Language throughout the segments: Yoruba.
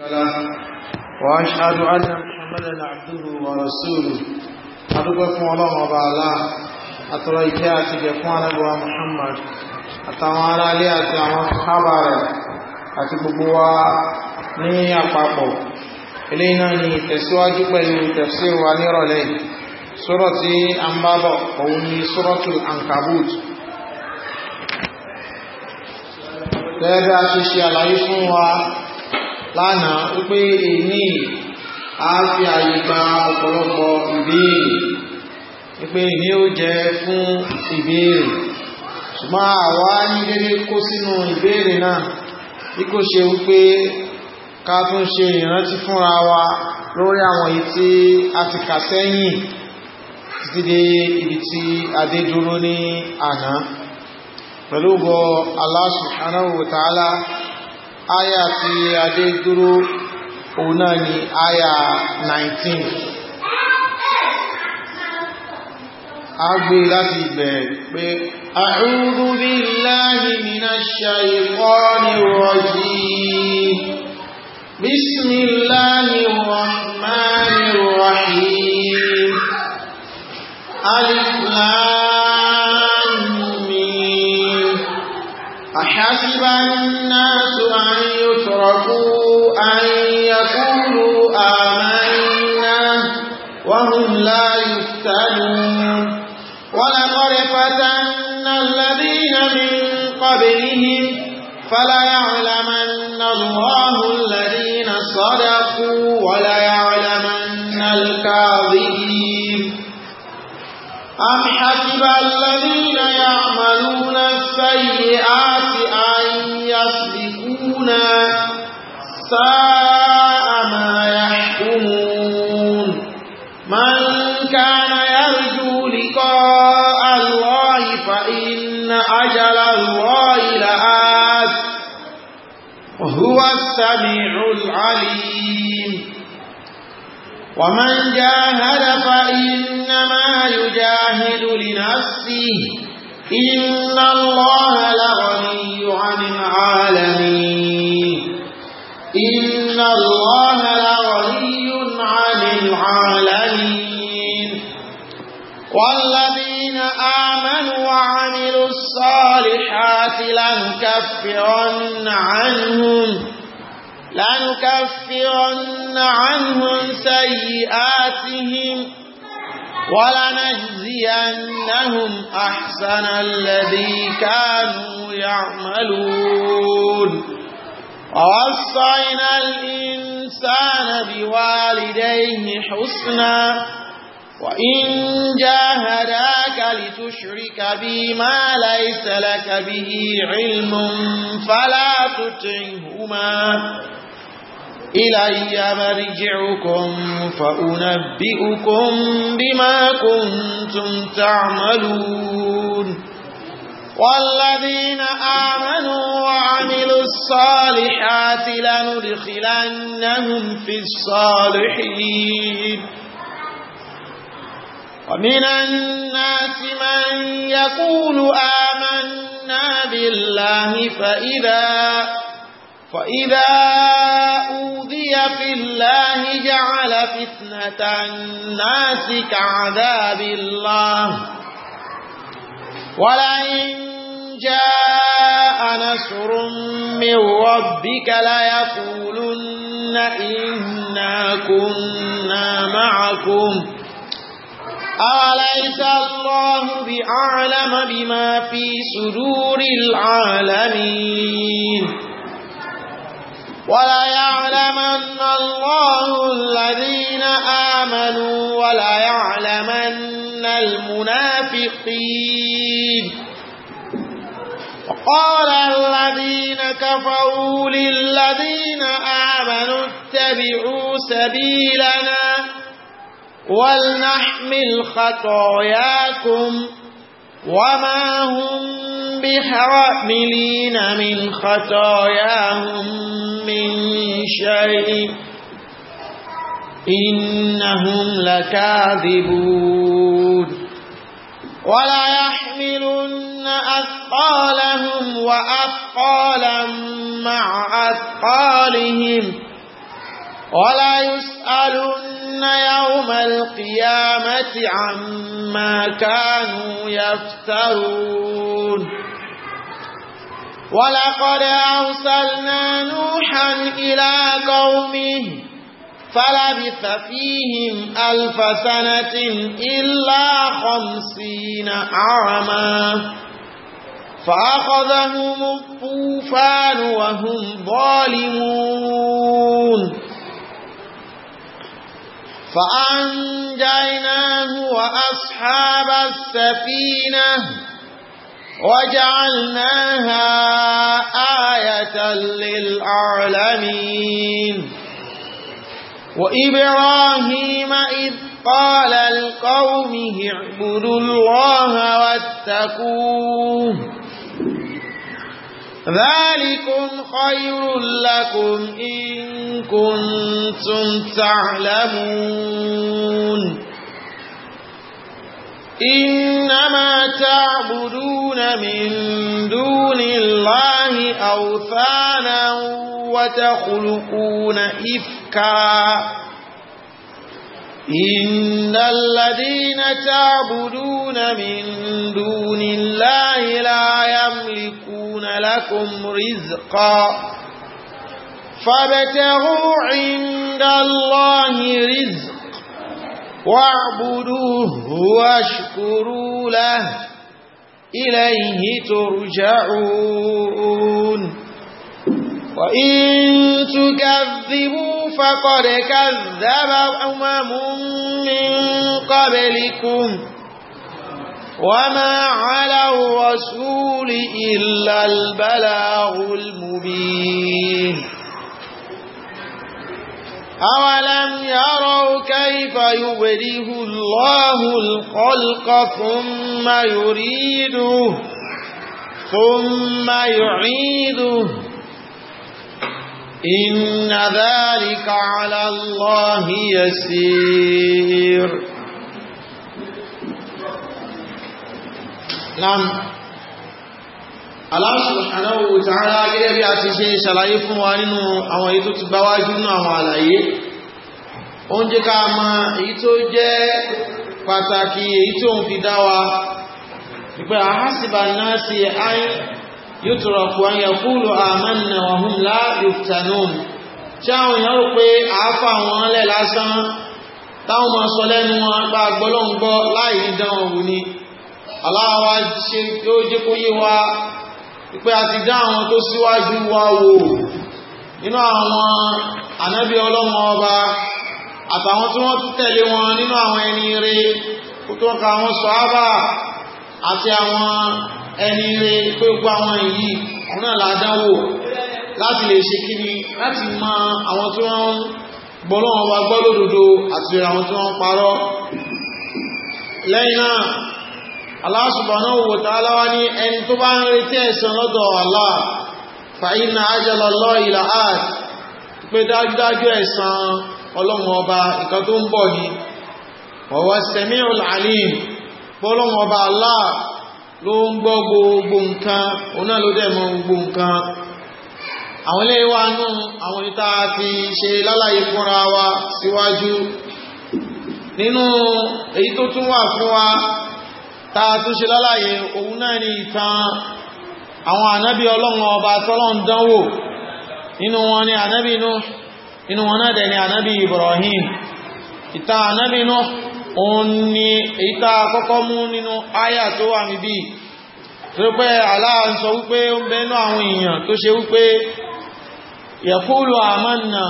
وأشهد أن محمدا عبده ورسوله أدوك فون الله وبعلا أتريكاتي جفوان أبو محمد أتوانا لي أتوانا صحابة أتبقوا ني أقاقو إلينا ني تسواجي جبل تفسير ونير لي سورة أنبابا قومي سورة الأنكبوت gẹ́gẹ́ bí a ti lánàá wípé èní a fi àyè gba ọ̀pọ̀lọpọ̀ ìbéèrè wípé èní ó jẹ fún ìbéèrè ṣùgbọ́n àwa ní dédé kó sínú ìbéèrè náà bí kò ṣe wípé ká tún ṣe ìrántí fúnra wa lórí àwọn èyí tí a ti kà sẹ́yìn títí dé ibi tí adé dúró ní àná pẹ̀lú gọ Allah subhanahu wa aya ti adé dúró òun náà ni aya 19 a gbé e láti ìbẹ̀rẹ̀ pé a'udhu billahi minash shaytanir rajim bismillahir rahmanir rahim alif lam mim ahasiba an-nasu أن يقولوا آمنا وهم لا يفتنون ولقد فتنا الذين من قبلهم فليعلمن الله الذين صدقوا وليعلمن الكاذبين أم حسب الذين يعملون السيئات أن يسبقونا ساء ما يحكمون من كان يرجو لقاء الله فإن أجل الله لآت وهو السميع العليم ومن جاهد فإنما يجاهد لنفسه إن الله لغني عن العالمين وعملوا الصالحات لنكفرن عنهم لنكفرن عنهم سيئاتهم ولنجزينهم أحسن الذي كانوا يعملون ووصينا الإنسان بوالديه حسناً وإن جاهداك لتشرك بي ما ليس لك به علم فلا تطعهما إلي مرجعكم فأنبئكم بما كنتم تعملون والذين آمنوا وعملوا الصالحات لندخلنهم في الصالحين ومن الناس من يقول آمنا بالله فإذا فإذا أوذي في الله جعل فتنة الناس كعذاب الله ولئن جاء نصر من ربك ليقولن إنا كنا معكم أليس الله بأعلم بما في صدور العالمين ولا يعلمن الله الذين آمنوا ولا يعلمن المنافقين وقال الذين كفروا للذين آمنوا اتبعوا سبيلنا ولنحمل خطاياكم وما هم بحاملين من خطاياهم من شيء إنهم لكاذبون ولا يحملن أثقالهم وأثقالا مع أثقالهم ولا يسألن يوم القيامة عما كانوا يفترون ولقد أرسلنا نوحا إلى قومه فلبث فيهم ألف سنة إلا خمسين عاما فأخذهم الطوفان وهم ظالمون فأنجيناه وأصحاب السفينة وجعلناها آية للعالمين وإبراهيم إذ قال لقومه اعبدوا الله واتقوه ذلكم خير لكم إن كنتم تعلمون إنما تعبدون من دون الله أوثانا وتخلقون إفكاً إن الذين تعبدون من دون الله لا يملكون لكم رزقا فابتغوا عند الله رزق واعبدوه واشكروا له إليه ترجعون وإن تكذبوا فقد كذب أمم من قبلكم وما على الرسول إلا البلاغ المبين أولم يروا كيف يبره الله الخلق ثم يريده ثم يعيده إن ذلك على الله يسير نعم Allah subhanahu wa ta'ala gẹ́gẹ́ bí a ti ṣe ṣàlàyé fún wa nínú àwọn èyí tó ti bá wájú nínú àwọn àlàyé ó ń jẹ́ ká mọ̀ èyí tó jẹ́ pàtàkì èyí tó ń fi dá wa ìpẹ́ náà sí yútùrọ̀kù ayẹ̀kúrò àmànà ọ̀hún láyùtànún tí àwọn èèyàn rò pé àáfà wọn lẹ̀ lásán táwọn máa sọ lẹ́nu wọn bá gbọ́lọ́ngbọ́ láì ní dánwò wù ni aláwa ṣe tó jẹ́ kó yé wa pé a ti dá àwọn tó síwájú wa wò nínú àwọn ànábì ọlọ́wọ́n ọba àtàwọn tí wọ́n tẹ̀lé wọn nínú àwọn ẹni rere kó tó ka àwọn sọ̀hábà àti àwọn ẹni rẹ̀ gbogbo àwọn èyí náà ládáwò láti lè ṣe kí ni láti mọ àwọn tí wọ́n gbọ́nà wọn wá gbọ́ lódodo àti àwọn tí wọ́n parọ́ lẹ́yìn náà Allah subhanahu wa ta'ala wá ní ẹni tó bá ń retí ẹ̀san lọ́dọ̀ Allah fa Allah ló ń gbọ́ gbogbo nǹkan òun náà ló dẹ̀ mọ̀ gbogbo nǹkan àwọn ilé wa nú àwọn ìta ti ṣe lálàyé fúnra wa síwájú nínú èyí tó tún wà fún wa ta tún ṣe lálàyé òun náà ni ìtàn àwọn ànábì ọlọ́run ọba tọ́lọ́n dánwò nínú wọn ni ànábì Nuh nínú wọn náà dẹ̀ ni ànábì Ibrahim ìtàn ànábì Nuh òun ni ìta kọ́kọ́ mú nínú àyà tó wà níbí tó pé Allah ń sọ wípé ó ń bẹnú àwọn èèyàn tó ṣe wípé yaqulu amanna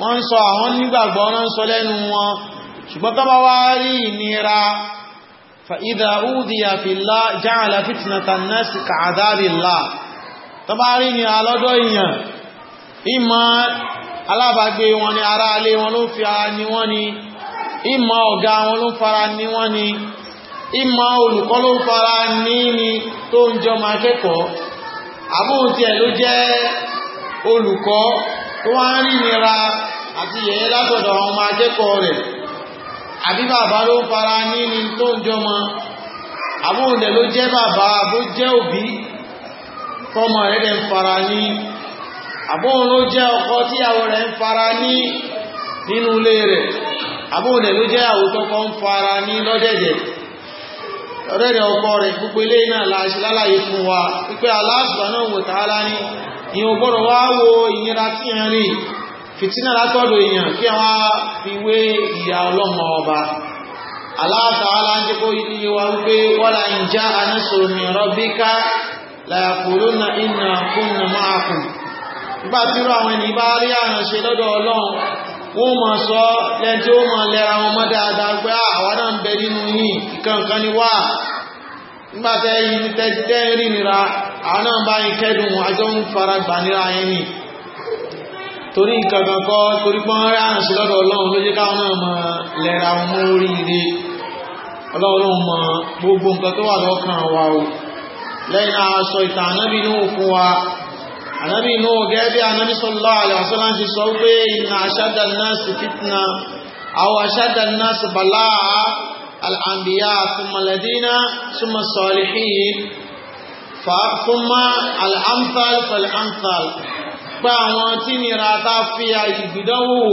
wọ́n ń sọ àwọn nígbàgbọ́ wọ́n ń sọ lẹ́nu wọn ṣùgbọ́n tó bá wá rí ìnira fa idha udiya fillah ja'ala fi ni ìmọ̀ ọ̀gá wọn ló fara ní wọ́n ni ìmọ̀ olùkọ́ ló fara ní ni tó ń jọ máa kẹ́kọ̀ọ́ àbóhùn ẹ ló jẹ́ olùkọ́ tó wá ń rí nira àti yẹ̀yẹ́ látọ̀dọ̀ àwọn ọmọ akẹ́kọ̀ọ́ rẹ̀ àbí bàbá ló fara ní ni tó ń àbóhùn ló jẹ́ bàbá bó jẹ́ òbí fọmọ nínú ilé rẹ̀ àbúrẹ̀ ló jẹ́ awuto kan ń fa ara ní lọ́dẹ̀dẹ̀ lọ́dẹ̀dẹ̀ ọkọ rẹ̀ gbogbo ilé náà láṣí lálàyé fún wa wípé Allah subhanahu wa ta'ala ní ìyẹn wá wo ìnira tí ẹ̀ rí fìtínà látọ̀dọ̀ èèyàn kí wọ́n fi ìyà ọlọ́mọ ọba Allah ń jẹ́ kó wa wípé wala in ja'a nasrun min la yaqulunna inna kunna ma'akum nígbà tí irú àwọn ènìyàn bá rí lọ́dọ̀ wọ́n ma sọ lẹ́n tí ó ma lẹ́ra wọn mọ́ dáadáa pé ah, àwọn náà ń bẹ nínú yìí kankan ni wá nígbàtẹ́ yìí tẹ́ rí nira àwọn náà bá yìí kẹ́dùn àjọ ń fara gbà nira yẹn ni torí nǹkan kọ́ torí pọ́n rí lọ́dọ̀ ọlọ́run ló jẹ́ káwọn náà lẹ́ra wọn mọ́ ọlọ́run gbogbo wa ànábì inú gẹ́gẹ́ bí ànábì sallallahu alaihi wasallam ti sọ pé inna ashadda an-nasi fitna aw ashadda an-nasi bala'a al-anbiya thumma alladhina thumma as-salihin fàákúnmá al'amfal fal'amfal pa àwọn tí nira ta fi ìgbìdánwò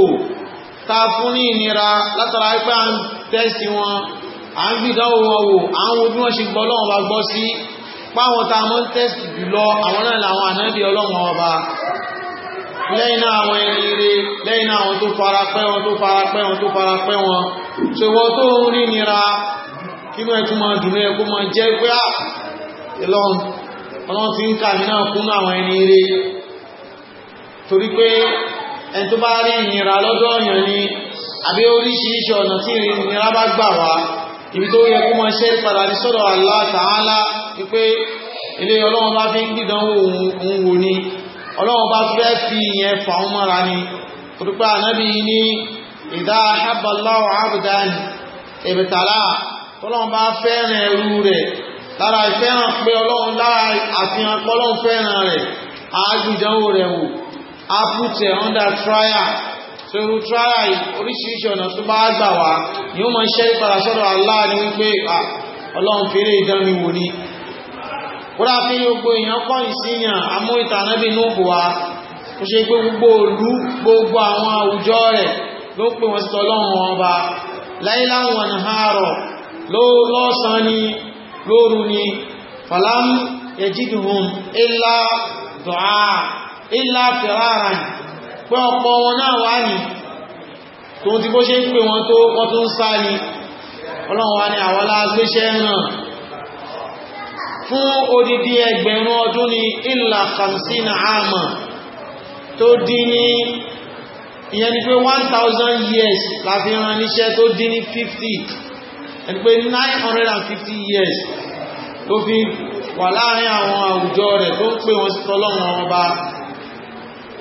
ta fún ní ìnira látara ipá ń wọn à ń gbìdánwò wọn wò àwọn ojú wọn ṣe gbọ́ lọ́wọ́ bá gbọ́ sí páwọn tá a mọ́ ń tẹ́sì jùlọ àwọn náà làwọn ànábì ọlọ́run ọba lẹ́yìn náà àwọn ẹni ire lẹ́yìn náà àwọn tó fara pẹ́ wọn tó fara pẹ́ wọn tó fara pẹ́ wọn ṣe wọ́n tó ń rí nira kí mọ́ ẹkú máa dùn ẹkú máa jẹ́ pé á ọlọ́run ti ń kà ní náà àwọn ẹni ire torí pé ẹni tó bá rí ìnira lọ́dọ̀ ọ̀yàn ni àbí oríṣiríṣi ọ̀nà tí ìnira bá gbà wá ibi tó yẹ kó máa ṣe padà ní sọ́dọ̀ Allah Ta'ala wípé ilé ọlọ́run bá fi ń gbìdánwò òun wò ni ọlọ́run bá fẹ́ fi ìyẹn fà ó mọ́ra ni torípé ànábì ní idha ahabba Allahu 'abdan ibtala ọlọ́run bá fẹ́ràn ẹrú rẹ̀ lára ìfẹ́ràn pé ọlọ́run lára àfihàn pé fẹ́ràn rẹ̀ á gbìdánwò rẹ̀ wò á under trial so irú tíráyà oríṣiríṣi ọ̀nà tó bá gbà wá ni ó máa ń ṣẹ́rí padà sọ́dọ̀ Allah ni wípé ọlọ́run fi eré ìdán mi wò ni kódà fi gbogbo èèyàn kọ́yìn síyàn amú ìtànábì nóòbù wa ó ṣe pé gbogbo òlú gbogbo àwọn àwùjọ rẹ̀ ló pè wọ́n sí ọlọ́run ọba láìláwọn pé ọ̀pọ̀ wọn náà wá ní tó ti bó ṣe ń pè wọn tó wọ́n tó ń sá ní ọlọ́run wá ní àwọn alágbéṣẹ́ náà fún odidi ẹgbẹ̀rún ọdún ní ìlà kàmsínà àmà tó dí ní ìyẹn ni pé 1000 years la fi rán níṣẹ́ tó dín ní 50 ẹni pé 950 years ló fi wà láàrin àwọn àwùjọ rẹ̀ tó ń pè wọn sí tọ́lọ́run ọba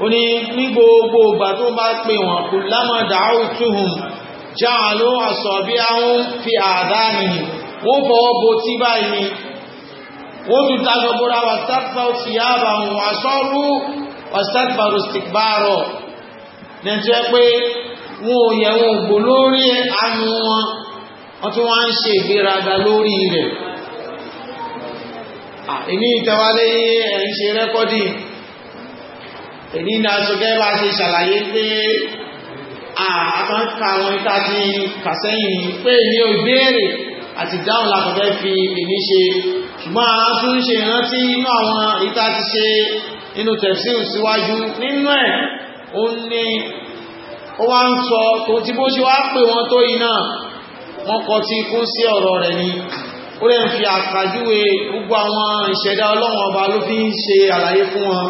ó ní ní gbogbo ìgbà tó bá pè wọ́n kò lámọ̀ dàáwù túhùn jáàlú àsọ̀bí àwọn fi àdá nìyí wọ́n fọwọ́ bo tí báyìí wọ́n tún tàbí ọgbọ́ra wàsátfà síyábà wọn àṣọ́rú wàsátfà rọ̀sìkbárọ̀ nẹ́jẹ́ pé wọn ò yẹ wọn gbò lórí àánú wọn wọ́n tún wá ń ṣe ìgbéraga lórí rẹ̀ èmi ìtẹ́wálé ẹ̀yìn ṣe rẹ́kọ́dì èdè ní aṣọ́gẹ́ bá ṣe ṣàlàyé pé àmọ́ka àwọn ìta ti kàsẹ́yìn pé ní ò béèrè àti dáhùn lápọ̀fẹ́ fi èmi ṣe ṣùgbọ́n a tún ṣe ìrántí inú àwọn ìta ti ṣe inú tẹ̀síù síwájú nínú ẹ̀ ó ní ó wá ń sọ tó tí bó ṣe wá pè wọ́n tó iná wọ́n kọ tí kún sí ọ̀rọ̀ rẹ̀ ni ó rẹ̀ ń fi àkàjúwe gbogbo àwọn ìṣẹ̀dá ọlọ́run ọba ló fi ń ṣe àlàyé fún wọn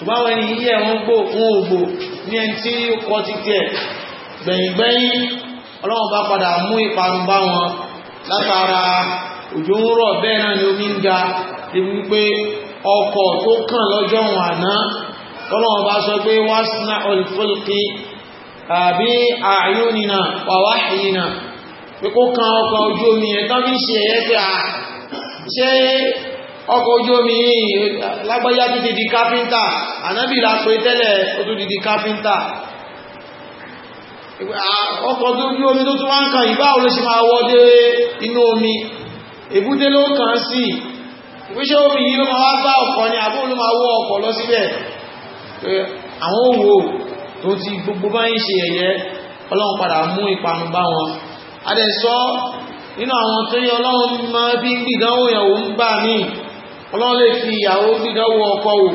ṣùgbọ́n àwọn ẹni yíyẹ wọn gbò wọn ògbò ní ẹni tí ó kọ́ ti tiẹ̀ gbẹ̀yìngbẹ̀yìn ọlọ́run bá padà mú ìparun bá wọn látara òjò ń rọ̀ bẹ́ẹ̀ náà ni omi ń ga débi wípé ọkọ̀ tó kàn lọ́jọ́ wọn àná ọlọ́run bá sọ pé olùfọ́lùkì àbí àyónìnà pé kó kan ọkọ̀ ojú omi ọkọ̀ ojú omi lágbájá ti di di káfíńtà ànábì la pè tẹ́lẹ̀ ó tún di di káfíńtà ọkọ̀ ojú omi tó tún wá ń kàn ìbá ò lè ṣe máa wọ́dé inú omi èbúté ló kàn sí ìwíṣẹ́ omi yìí ló máa wá bá ọkọ̀ ni àbúrò ló máa wọ́ ọkọ̀ lọ síbẹ̀ àwọn òwò tó ti gbogbo bá ń ṣe ẹ̀yẹ ọlọ́run padà mú ìpanu bá wọn adẹ̀sọ́ nínú àwọn tó yẹ ọlọ́run máa fi ń gbìdánwò ìyàwó ń bà míì ọlọ́run lè fi ìyàwó dídánwò ọkọ wò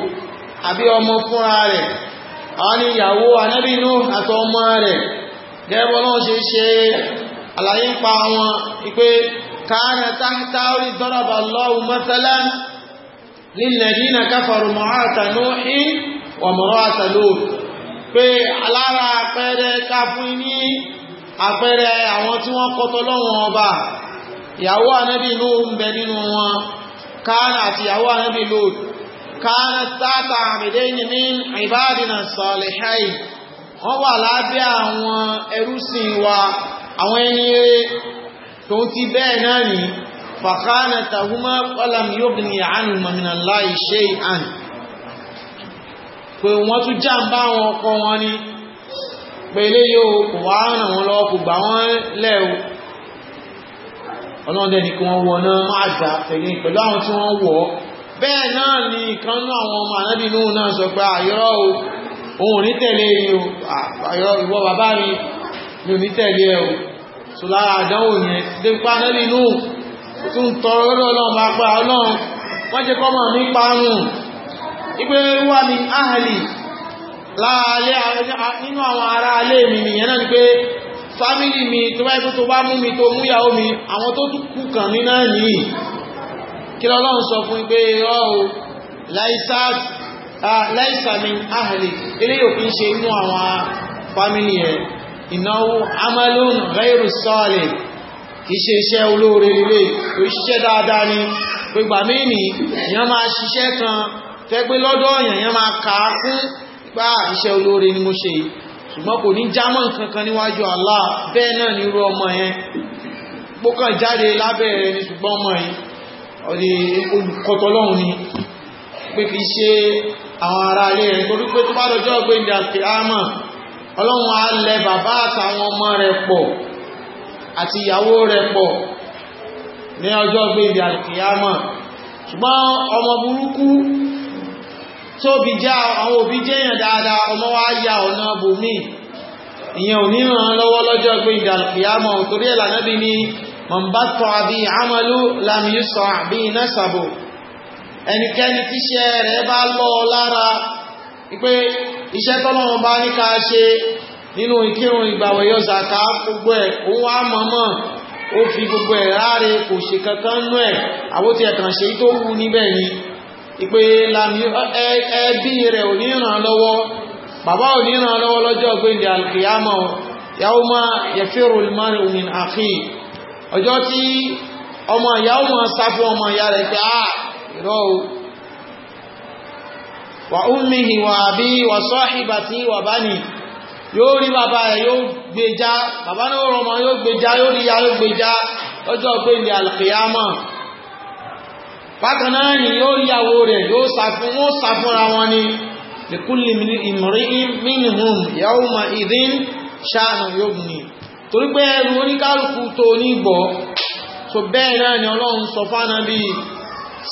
àbí ọmọ fúnra rẹ̀ àwọn ni ìyàwó anẹ́bìnú àtọmọ rẹ̀ gẹ́gbọ́n náà ṣe ṣe àlàyé pa wọn pé káàrẹ̀ táhítá orí dọ́rọ̀bà lọ́wọ́ mọ́tẹ́lá nílẹ̀ nínà káfàrù nina in wà mọ́ràtàló pé alára àpẹẹrẹ káfún ní àpẹẹrẹ àwọn tí wọ́n kọ́tọ́ ọba ìyàwó ń bẹ nínú kánà àti ìyàwó anábì lóòdù kánà sáta àmìdẹ́yìn ní ìbádìnà sọ̀lẹ̀háì wọ́n wà lábẹ́ àwọn ẹrúsìn wa àwọn ẹni eré tó ti bẹ́ẹ̀ náà ní fàkánà tàhúmá pọ́làm yóò bí ọlọ́dẹ ni kí wọ́n wọ náà máa dà tẹ̀lé pẹ̀lú àwọn tí wọ́n wọ̀ bẹ́ẹ̀ náà ni kan náà àwọn ọmọ ànábì Nuhu náà sọ pé àyọ́rọ̀ ah, o òun ní tẹ̀lé yìí o ah, ìwọ bàbá mi mi ò ní tẹ̀lé ẹ o so lára àdánwò yẹn débi pa ànábì Nuhu tó ń tọrọ lọ́dọ̀ ọlọ́run bá pa ọlọ́run wọ́n jẹ́ kọ́mọ mi parun ìpè wà ní ahàlì láàlẹ́ nínú àwọn ará alé mi nìyẹn náà ni pé fámílì mi tó bá ikú tó bá mú mi tó múyàwó mi àwọn tó kú kàn mí náà nìyí kí lọ́lọ́run sọ fún pé ọ́ o láìsàmì ahli ilé òfin ṣe inú àwọn fámílì ẹ̀ ìnáwó amalun ghairu salih kìí ṣe iṣẹ́ olóore lílé tó ṣiṣẹ́ dáadáa ni gbogbo àmì ní èèyàn máa ṣiṣẹ́ kan fẹ́ pé lọ́dọ̀ èèyàn máa kà á fún gbá iṣẹ́ olóore ni mo ṣe yìí ṣùgbọ́n kò ní jámọ́ kankan níwájú Allah bẹ́ẹ̀ náà ní irú ọmọ yẹn pókàn jáde lábẹ́ rẹ̀ ní ṣùgbọ́n ọmọ yìí ọdí olùkọtọlọ́hun ni pé kìí ṣe àwọn ará alẹ́ rẹ̀ torí pé tó bá lọ́jọ́ pé ní àkìámà ọlọ́run á lẹ bàbá àtàwọn ọmọ rẹ̀ pọ̀ àti ìyàwó rẹ̀ pọ̀ ní ọjọ́ pé ní àkìámà ṣùgbọ́n ọmọ burúkú tó bí já àwọn òbí jẹ́yàn dáadáa ọmọ wá yà ọ̀nà bùnmí ìyẹn ò ní ràn lọ́wọ́ lọ́jọ́ pé ìdàlùkìyàmọ̀ torí ẹ̀lànàbí ni mọ̀mbátọ̀ àbí àmàlú lámìísọ̀ àbí násàbò ẹnikẹ́ni tíṣẹ́ rẹ̀ bá lọ lára pé iṣẹ́ tọ́lọ́wọ́n bá ní ká ṣe nínú ìkírun ìgbàwẹ̀ yọ zàká gbogbo ẹ̀ òun á ó fi gbogbo ẹ̀ ráre kò ṣe kankan nú ẹ̀ àwótí ẹ̀kàn tó wù níbẹ̀ yìí ìpé ẹbí rẹ̀ ò ràn lọ́wọ́ bàbá ò ní ràn lọ́wọ́ lọ́jọ́ gbéǹdé alkiyama yawma yafiru al-mar'u min akhi ọjọ́ tí ọmọ ìyá ó mọ̀ ọmọ ìyá rẹ̀ pé àà ah, ìrọ̀ o bani yóò rí bàbá yóò bàbá náà rọmọ yóò yóò bákan náà ni yóò yàwó rẹ̀ yóò sàfúnra wọn ni lèkúlì mìíràn yàwó ma ìdín ṣáànà yóò ní torí pé ẹrù oníkálùkù tó nígbọ́ so bẹ́ẹ̀ náà ni ọlọ́run sọ fánà bí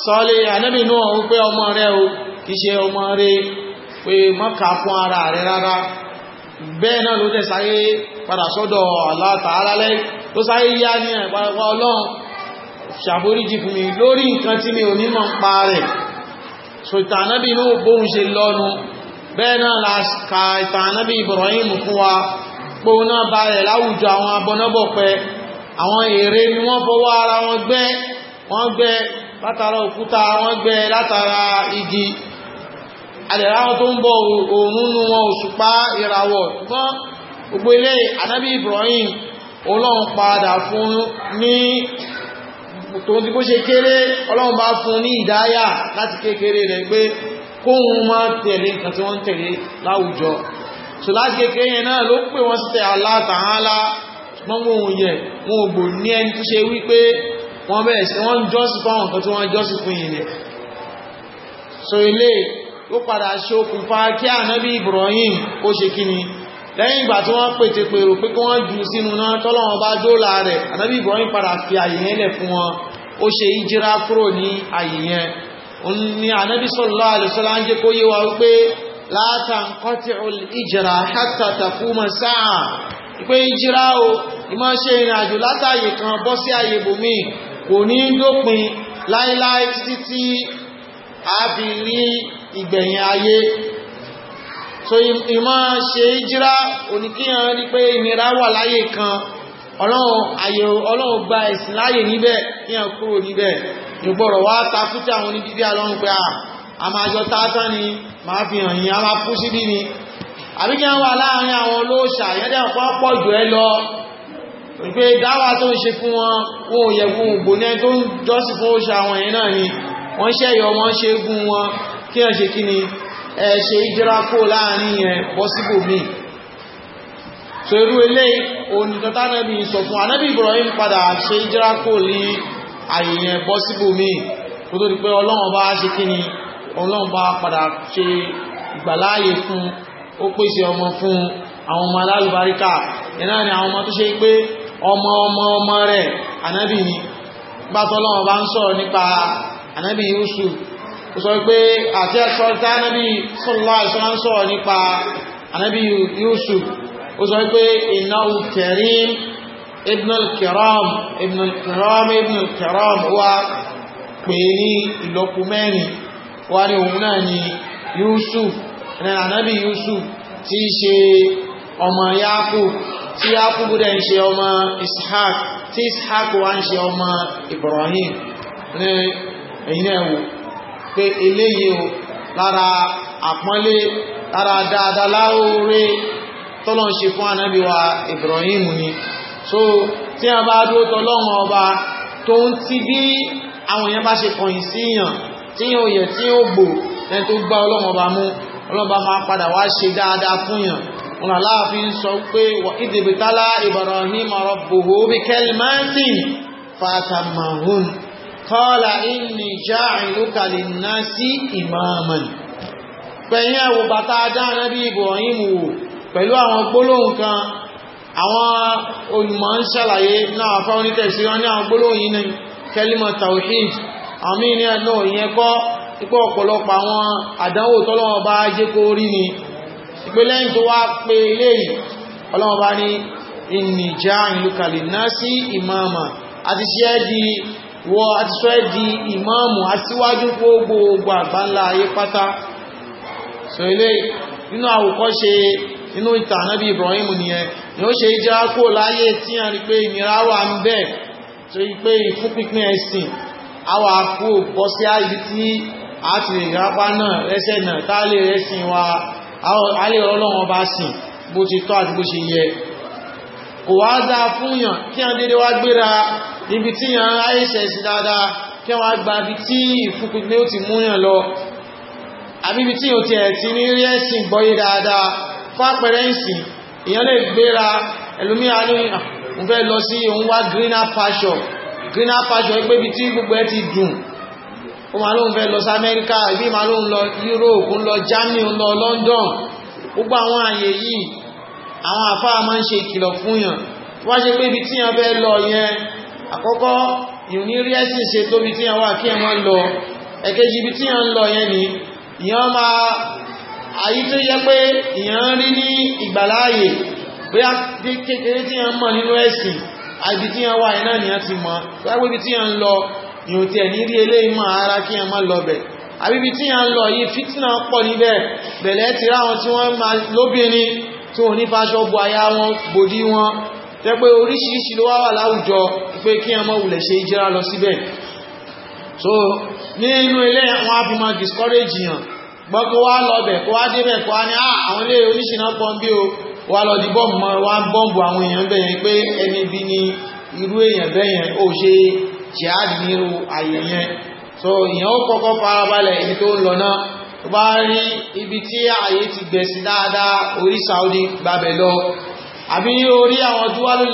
sọlé ànábì náà ó pé ọmọ rẹ̀ o kìí ṣe ọmọ rẹ̀ pé mọ́kà fún ara rẹ̀ rárá bẹ́ẹ̀ náà ló tẹ̀sáyé padà sọ́dọ̀ Allah Ta'ala ló sáyé yá ní ẹ̀pàá ọlọ́run ṣàforíjì fún mi lórí nǹkan tí mi ò ní mọ̀ ń pa rẹ̀ so ìtànábì ló bóhun ṣe lọ́nu bẹ́ẹ̀ náà la ka ìtànábì Ibrahim fún wa gbóhun náà bá rẹ̀ láwùjọ àwọn abọnábọ̀pẹ àwọn ère ni wọ́n fọwọ́ ara wọn gbẹ́ wọ́n gbẹ́ látara òkúta wọ́n gbẹ́ látara igi àdẹ̀rà wọn tó ń bọ òòrùn nu wọn òṣùpá ìràwọ̀ ṣùgbọ́n gbogbo ilé ànábì Ibrahim Ọlọ́run padà fún ní tó ti bó ṣe kéré ọlọ́run bá fún ní ìdáyà láti kékeré rẹ̀ pé kóhun máa tẹ̀lé nǹkan tí wọ́n tẹ̀lé láwùjọ so láti kékeré yẹn náà ló pè wọ́n síta Allah Ta'ala ṣùgbọ́n wọn ò yẹ wọn ò gbò ní ẹni tó ṣe wípé wọ́n bẹ̀rẹ̀ sí wọ́n jọ́sìn fún àwọn nǹkan tí wọ́n jọ́sìn fún yìí yẹn so ilé ó padà ṣokùnfà kí ànábì Ibrahim ó ṣe kíni lẹ́yìn ìgbà tí wọ́n pètè pèrò pé kí wọ́n jù sínú náà tọ́lọ́wọ́n bá dóòlà rẹ̀ ànábì Ibrahim padà fi àyè yẹn lẹ̀ fún wọn ó ṣe ìjírá kúrò ní àyè yẹn ni ànábì sallallahu alaihi wasallam ń jẹ́ kó yé wa wípé látàn kọ́tìrùl ìjírá hatta taquma sáà pé ìjírá o ìmọ̀ ṣe ìrìn látàyè kan bọ́ sí àyè bòmí kò ní dópin láíláí títí so ìmọ̀ ṣe ìjírá oníkíyàn rí pé ìnira wà láyé kan ọlọ́run gba ẹ̀sìn láyé níbẹ̀ kíyàn kúrò níbẹ̀ ìgbọ̀rọ̀ wá takútí àwọn oníbíbí alọ́run pé a máa jọ tátán ni máa fi hàn yín a máa kú síbí ni àbí kí wọ́n wà láàrin àwọn olóòṣà yẹ́dẹ̀ ọ̀pọ̀ pọ̀ jù ẹ lọ pé dáwà tó ń ṣe fún wọn wọn ò yẹ fún ògbónẹ́ tó ń jọ́sìn fún òṣà wọn yìí náà ni wọ́n ṣẹ́yọ wọ́n ṣe gún wọn kí wọ́n ṣe kí ni ẹ ṣe ìjẹ́ra kó láàrin ẹ bọ́síbò mi so irú ilé onìkọta anábì sọ fún anábì Ibrahim padà ṣe ìjẹ́ra kó lè àyèyàn bọ́síbò mi kó tó di pé Ọlọ́run bá ṣe kí ni Ọlọ́run bá padà ṣe ìgbàláàyè fún ó pèsè ọmọ fún àwọn ọmọ alálùbáríkà ẹ̀nà ni àwọn ọmọ tó ṣe pé ọmọ ọmọ ọmọ rẹ̀ anábì ni bá tọ́lọ́run bá ń sọ̀rọ̀ nípa anábì Yusuf ó sọ pé àti ẹ̀sọ́ tá anábì sallallahu alaihi wasallam sọ̀rọ̀ nípa anábì Yusuf ó sọ pé innahu karim ibn al-kiram ibn al-kiram ibn al-kiram wá pè ní ìlọ́pù mẹ́rin wá ní òun náà ni Yusuf ní anábì Yusuf tí í ṣe ọmọ Yakub tí Yakub dẹ̀ ń ṣe ọmọ Ishaq tí Ishaq wá ń ṣe ọmọ Ibrahim ní ẹ̀yìn ẹ̀wò pé eléyìí o lára àpọ́nlé lára dáadáa láóore tọ́lọ́n ṣe fún ànábì Ibrahim ni so tí a bá dúró tọ́lọ́run ọba tó ń ti bí àwọn èèyàn bá ṣe kọ̀yìn sí yàn tí yóò yẹ tí yóò gbò ẹni tó gbá ọlọ́run ọba mú ọlọ́run máa padà wá ṣe dáadáa fún yàn wọn aláàfin sọ pé ìdìbìtálá Ibrahim rabbuhu bi kalimatin fatamahun kọ́lá inni ja'iluka linnasi imaman pẹ̀yìn ẹ̀wò bàtà dáadáa bí Ibrahim wò pẹ̀lú àwọn gbólóhùn kan àwọn olùmọ̀ ń ṣàlàyé náà fáwọn onítẹ̀sí wọn ní àwọn gbólóhùn ní kẹlímọ̀ tawhid àmì ní ẹ̀nà ìyẹn kọ́ ipò ọ̀pọ̀lọpọ̀ àwọn àdánwò wọ àtisọ́ di ìmáàmù aṣíwájú gbogbogbò àgbáńlá ayé pátá so ilé nínú àwòkọ́ṣe nínú ìtàn Ànábì Ibrahim nìyẹn ni ó ṣe jẹ́ kó láyé tí a rí pé ìnira wà ń bẹ̀ tó rí pé ìfúnpínpín ẹ̀sìn àwà kú bọ́ sí àyí tí a ti lè rápá náà rẹ́sẹ̀ náà tá a lè rẹ́sìn wa a lè Ọlọ́run ọba sìn bó ti tọ́ àti bó ṣe yẹ kò wá dá fúnyàn kí a dédé wá gbéra níbi tí yàn ń ráyẹ̀ṣẹ̀ sí dáadáa kí wọ́n gba ibi tí ìfúnpin pé ó ti múyàn lọ àbíbi tí yàn ti ẹ̀ ti ní rí ẹ̀sìn gbọ́yé dáadáa fápẹ̀rẹ̀ ìsìn èèyàn lè gbéra ẹlòmíà ní òun ah, lọ sí òun wá greener fashion greener fashion pé ibi tí gbogbo ẹ ti dùn ó máa lóun fẹ́ lọ sí Amẹ́ríkà ibi máa lóun lọ Europe ń lọ Germany ń lọ London gbogbo àwọn àyè yìí àwọn àfáà máa ń ṣe ìkìlọ̀ fún yàn wá ṣe pé ibi tí yàn fẹ́ lọ yẹn àkọ́kọ́ ìrùn rí ẹ̀sìn ṣe tóbi tí yàn wà kí yàn máa lọ ẹ̀kejì ibi tí yàn ń lọ yẹn ni ìyàn máa àyí tó yẹ pé ìyàn ń rí ní ìgbàláàyè bóyá kékeré tí yàn mọ̀ nínú ẹ̀sìn àbí tí yàn wà yẹn náà nìyàn ti mọ̀ wáyé ibi tí yàn ń lọ ìrùn tiẹ̀ ní rí eléyìí mọ̀ ara kí yàn máa lọ bẹ̀ àbíbi tí yàn ń lọ yìí fìtínà pọ̀ níbẹ̀ bẹ̀lẹ́ ti ráwọn tí wọ́n máa lóbìnrin tí wọ́n ní fáṣọ bu aya wọn bòdí wọn tẹ́ pé oríṣiríṣi ló wá wà láwùjọ pé kí ẹ mọ́ ṣe ìjẹ́ra lọ síbẹ̀ so nínú ilé wọn á fi máa discourage yàn gbọ́ kó wá lọ bẹ̀ kó wá débẹ̀ kó wá ní ah, àwọn ilé oníṣìná pọ́n bí o wá lọ di bọ́ọ̀mù àwọn èèyàn bẹ̀ pé ẹni bí ni irú èèyàn bẹ́ ó ṣe jihad nírú àyè so ìyẹn ó kọ́kọ́ farabalẹ̀ ibi tó ń lọ náà tó bá rí ibi tí ààyè ti gbẹ̀ sí dáadáa orí Saudi gbàbẹ̀ lọ àbí orí àwọn dúwálù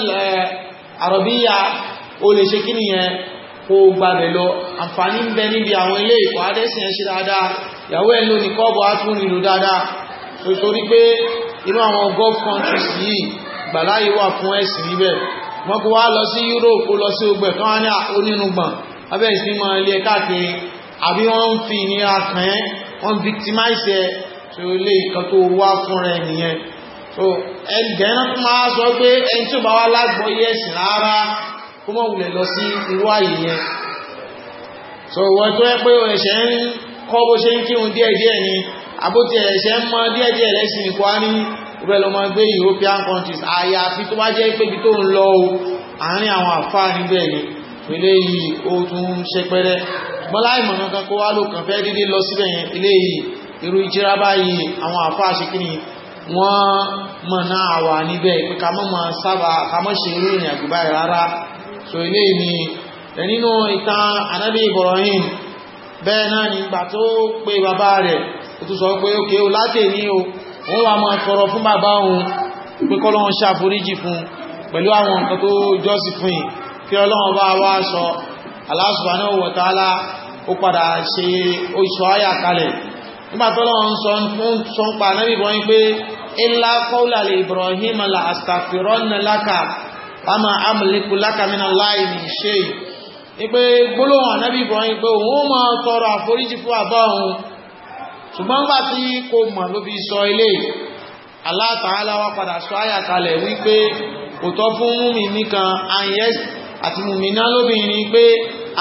àrọ̀bíyà o lè ṣe kí nìyẹn kó gbàbẹ̀ lọ àǹfààní ń bẹ níbi àwọn ilé ìkọ̀ adẹ́sìn ẹ̀ ṣe dáadáa ìyàwó ẹ̀ ló ní kọ́ọ̀bù átúnrin ìlú dáadáa torí pé inú àwọn gulf countries yìí gbàláyé wà fún ẹ̀sìn níbẹ̀ wọ́n kó wá lọ sí Europe ó lọ sí ogbẹ̀ kan wá ní onínúgbọ̀n abẹ́ ìsinmọ̀ ilé káàkiri àbí wọ́n ń fi ìnira kàn ẹ́ wọ́n victimize ẹ tó lé ìkan tó wá fún rẹ nìyẹn so ẹgbẹ̀rún tó máa sọ pé ẹni tó bá wá lágbọ́ yẹ́sì rárá kó mọ̀ wulẹ̀ lọ sí irú àyè yẹn so wọ́n tó yẹ pé ẹ̀ṣẹ̀ ń kọ́ bó ṣe ń kírun díẹ̀díẹ̀ ni àbótí ẹ̀ṣẹ̀ ń mọ díẹ̀díẹ̀ lẹ́sìn ìkọ́ á ní ìwé lọ́mọ gbé European countries àyàfi tó bá jẹ́ pé ibi tó ń lọ o àárín àwọn àfáà níbẹ̀ ni eléyìí ó tún ṣẹpẹrẹ mọ́láìmọ̀ kankan kó wá ló kàn fẹ́ dídé lọ síbẹ̀ yẹn eléyìí irú ìjírá báyìí àwọn àfáà ṣe kíni wọ́n mọ̀nà àwà níbẹ̀ pé sábà ká so eléyìí ni nínú ìtàn anábì Ibrahim bẹ́ẹ̀ náà ni ìgbà tó pé bàbá rẹ̀ ó tún sọ pé ókè ó láti ní o wọ́n wà mọ́ tọrọ fún bàbá ó padà ṣe oṣù ayà kalẹ̀ nígbàtọ́lọ́wọ́ ń sọ ń pa anábì Ibrahim pé illa qawla li Ibrahim la astaghfiranna laka wa ma amliku laka minallahi min shay pé gbólóhùn anábì Ibrahim pé òun ó tọrọ àforíjì fún àbá òun ṣùgbọ́n gbà tí kò mọ̀ ló fi sọ ilé Allah Ta'ala wá padà sọ ayà kalẹ̀ wípé kò tọ́ fún múmi nìkan àyẹ́ àti múmi náà lóbìnrin pé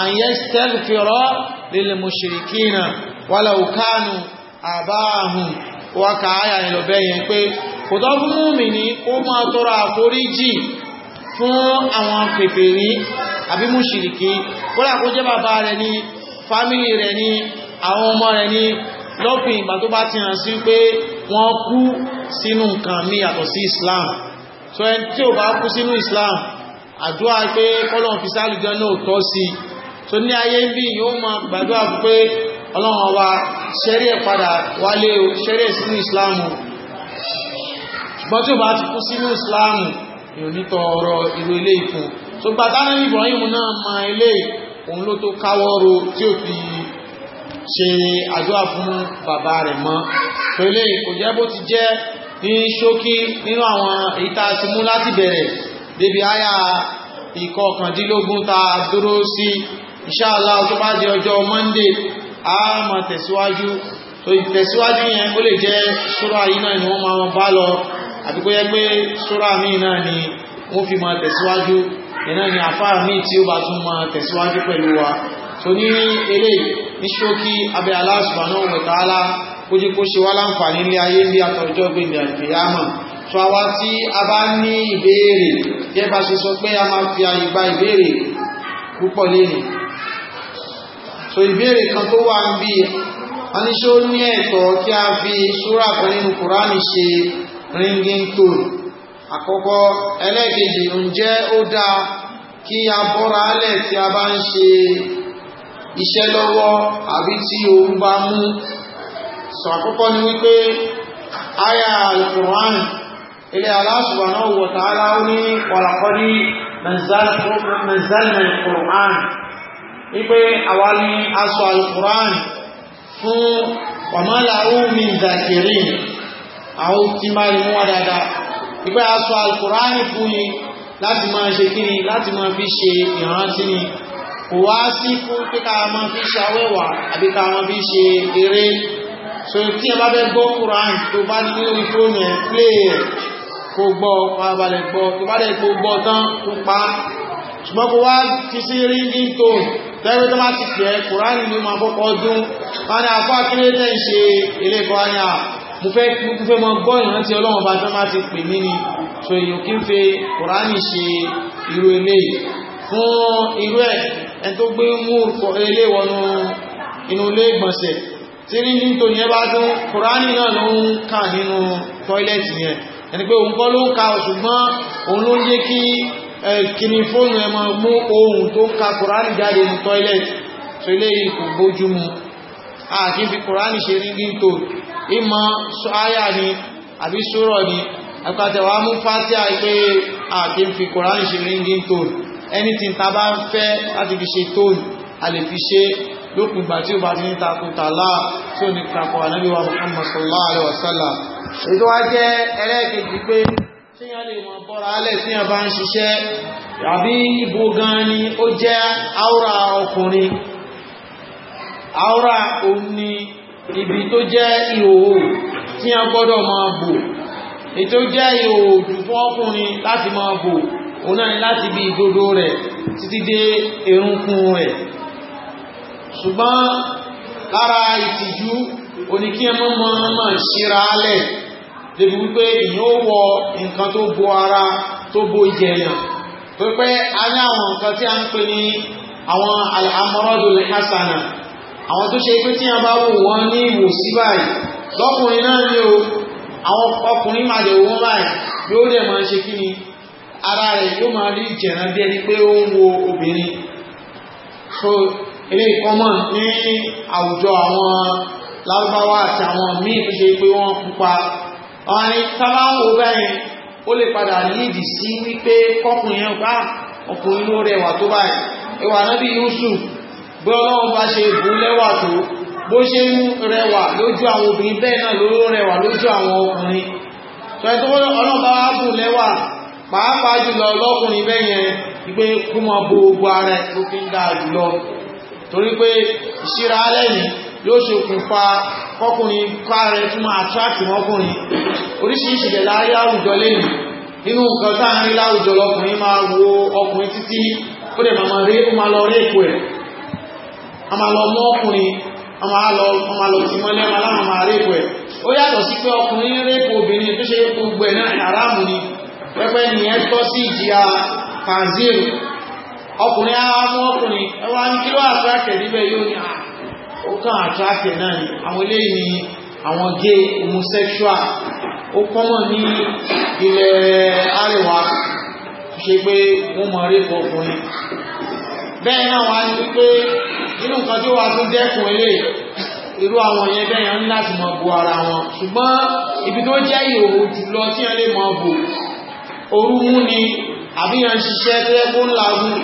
an yastaghfira lil mushrikina walau kanu aba'ahum wọ́n ka áyà ìlọ̀bẹ̀ yẹn pé kò tọ́ fún mùmínì kó máa tọrọ àforíjì fún àwọn kèfèrí àbí mùṣìríkí kódà kó jẹ́ bàbá rẹ̀ ní fámílì rẹ̀ ní àwọn ọmọ rẹ̀ ní lópin ìgbà tó bá ti hàn sí pé wọ́n kú sínú nǹkan mí yàtọ̀ sí Islam so ẹni tí ò bá kú sínú Islam àdúrà pé kọ́lọ̀ fi sáàlùjọ́ náà tọ́ sí tó ní ayé ń bí yóò máa gbàdúrà pé ọlọ́run ọba ṣẹ́rí ẹ̀ padà wálé o ṣẹ́rí ẹ̀ sínú ìsìláàmù ṣùgbọ́n tí ó bá ti kú sínú ìsìláàmù yóò ní tọrọ ìlú ilé ìfún tó gbàdánù Ibrahim náà mọ ilé òun ló tó káwọ́ ro tí ò fi ṣe àdúrà fún bàbá rẹ̀ mọ́ pẹ̀lẹ́ kò jẹ́ bó ti jẹ́ ní ṣókí nínú àwọn ìta ti mú láti bẹ̀rẹ̀ débi àyà ìkọkàndínlógún ta dúró sí Inshallah tó bá di ọjọ́ Monday a máa tẹ̀síwájú tó ìtẹ̀síwájú yẹn ó lè jẹ́ sura yìí náà ni wọ́n máa bá lọ àbí kó yẹ pé sura míì náà ni wọ́n fi máa tẹ̀síwájú ìná ni àfáà míì tí ó bá tún máa tẹ̀síwájú pẹ̀lú wa tó ní eléyìí ní ṣókí abẹ́ Allah subhanahu wa ta'ala kójú kó ṣe wá láǹfààní ilé ayé bí àtọ̀jọ́ gbèdè àgbéyàmọ̀ tó àwa so ìbéèrè kan tó wà ń bí a ní ṣó ní ẹ̀tọ́ kí a fi ṣúra kan kùránì ṣe ringing tone àkọ́kọ́ ẹlẹ́ẹ̀kejì ǹjẹ́ ó dáa kí a bọ́ra alẹ̀ tí a bá ń ṣe iṣẹ́ lọ́wọ́ àbí tí òun bá mú sọ àkọ́kọ́ ni wípé aya al-Qur'an ilẹ̀ Allah subhanahu wa ta'ala ó ní walaqad nazzalna quran wípé àwa ní aṣọ alukuran fún wàmọ́láwù mi zàkìrì àwọn tí máa rí mú wá dáadáa wípé aṣọ alukuran fún ni láti máa ṣe kíni láti máa fi ṣe ìrántí ni kò wá sí fún pé ká máa fi ṣe awẹ́wà àbí ká máa fi ṣe eré so tí ẹ bá fẹ́ gbọ́ kuran tó bá ní lórí fóònù ẹ̀ pé kò gbọ́ pàábalẹ̀ gbọ́ tó bá dẹ̀ kò gbọ́ tán tó pa ṣùgbọ́n kò wá ti sí ríngin tone tẹ́wé tó máa ti pẹ̀ kùránì ní ma kọ́kọ́ ọdún wọ́n ní àpá kí lé tẹ́ ṣe ilé ayá mo fẹ́ mọ gbọ́ ìrántí ọlọ́run bá tán máa ti pè mí ni so èyàn kí ń fẹ́ kùránì ṣe irú ilé fún irú ẹ̀ ẹn tó gbé mú ilé wọnú inú ilé ìgbọ̀nsẹ̀ tí ní nítorí yẹn bá tún kùránì náà ló ń kà nínú tọ́ílẹ̀tì yẹn ẹni pé òun kọ́ ló ń ka ṣùgbọ́n òun ló ń jẹ́ kí kìnnì fóònù ẹ máa mú ohun tó ń ka kùránì jáde ní toilet tó ilé yìí kò bójú mu àti fi kùránì ṣe ní díntò ìmọ̀ àyà ni àbí sùrọ̀ ni àpàtẹ̀wà mú fátíà pé àti fi kùránì ṣe ní díntò anything ta bá ń fẹ́ láti fi ṣe tóònù a lè fi ṣe lókùn ìgbà tí ó bá ti ní takùtà láà tí ó ní takọ̀ ànábì wa Muhammad sallallahu alaihi wasallam ètò wá tí yẹn lè mọ̀ bọ́ra alẹ́ tí a bá ń ṣiṣẹ́ àbí ibo gan ni ó jẹ́ áwòrà ọkùnrin áwòrà òun ni ibi tó jẹ́ ìhòòhò tí yẹn gbọ́dọ̀ máa bò ètò jẹ́ ìhòòhò jù fún ọkùnrin láti máa bò òun náà ni láti bí ìdodo rẹ̀ títí dé erunkun rẹ̀ ṣùgbọ́n lára ìtìjú oníkí ẹmọ́ mọ́ mọ́ ṣíra alẹ́ débi wípé èyàn ó wọ nǹkan tó bo ara tó bo ìjẹ̀yàn pípẹ́ a ní àwọn nǹkan tí a ń pè ní àwọn al-amradul hasana àwọn tó ṣe pé tí a bá wò wọ́n ní ìwòsí báyìí lọ́kùnrin náà ní o àwọn ọkùnrin máa dẹ̀ wọ́n báyìí yóò dẹ̀ máa ṣe kí ni ara rẹ̀ yóò máa rí ìjẹ̀rán bí ẹni pé ó ń wo obìnrin so ilé ìkọ́mọ̀ ní àwùjọ àwọn lárúbáwá àti àwọn míì tó ṣe pé wọ́n pupa ọ̀rin sábà ń wo báyìí ó lè padà lídì sí wípé kọkùnrin yẹn bá ọkùnrin ló rẹwà tó báyìí ẹwà náà bí Yusuf bí ọlọ́run bá ṣe bú lẹ́wà tó bó ṣe ń rẹwà lójú àwọn obìnrin bẹ́ẹ̀ náà ló rẹwà lójú àwọn ọkùnrin tọ́jú ọlọ́run bá bù lẹ́wà pàápàá jùlọ ọlọ́kùnrin bẹ́yẹn wípé kó mọ gbogbo ara ẹ̀ tó fi ń dáa jùlọ torí pé ìṣíra alẹ́ yìí yóò ṣe òkùnfà kọkùnrin káàrẹ tún máa attract mọ́kùnrin oríṣiríṣi rẹ̀ àwùjọ lẹ́yìn nínú nǹkan táàrin láwùjọ lọkùnrin máa wo ọkùnrin títí ó dẹ̀ máa rí ó máa lọ rí lọ mọ́ ọkùnrin a máa lọ mọ́lẹ́ ọkùnrin ní kí ló níbẹ̀ yóò ní ah, ó kàn attract ẹ̀ náà ni àwọn eléyìí ni àwọn gay homosexual ó kọ́mọ̀ ní ilẹ̀ àríwá ṣe pé wọ́n mọ̀ rí ọkùnrin bẹ́ẹ̀ náà wá ní pé nínú nǹkan tí wà tún dẹ́kun ilé irú àwọn yẹn bẹ́yàn ń láti mọ̀ bu ara wọn ṣùgbọ́n ibi tó jẹ́ ìhòòhò jùlọ tí wọ́n lè mọ̀ bù orú mú ni àbíyàn ṣiṣẹ́ tẹ́kún làágùn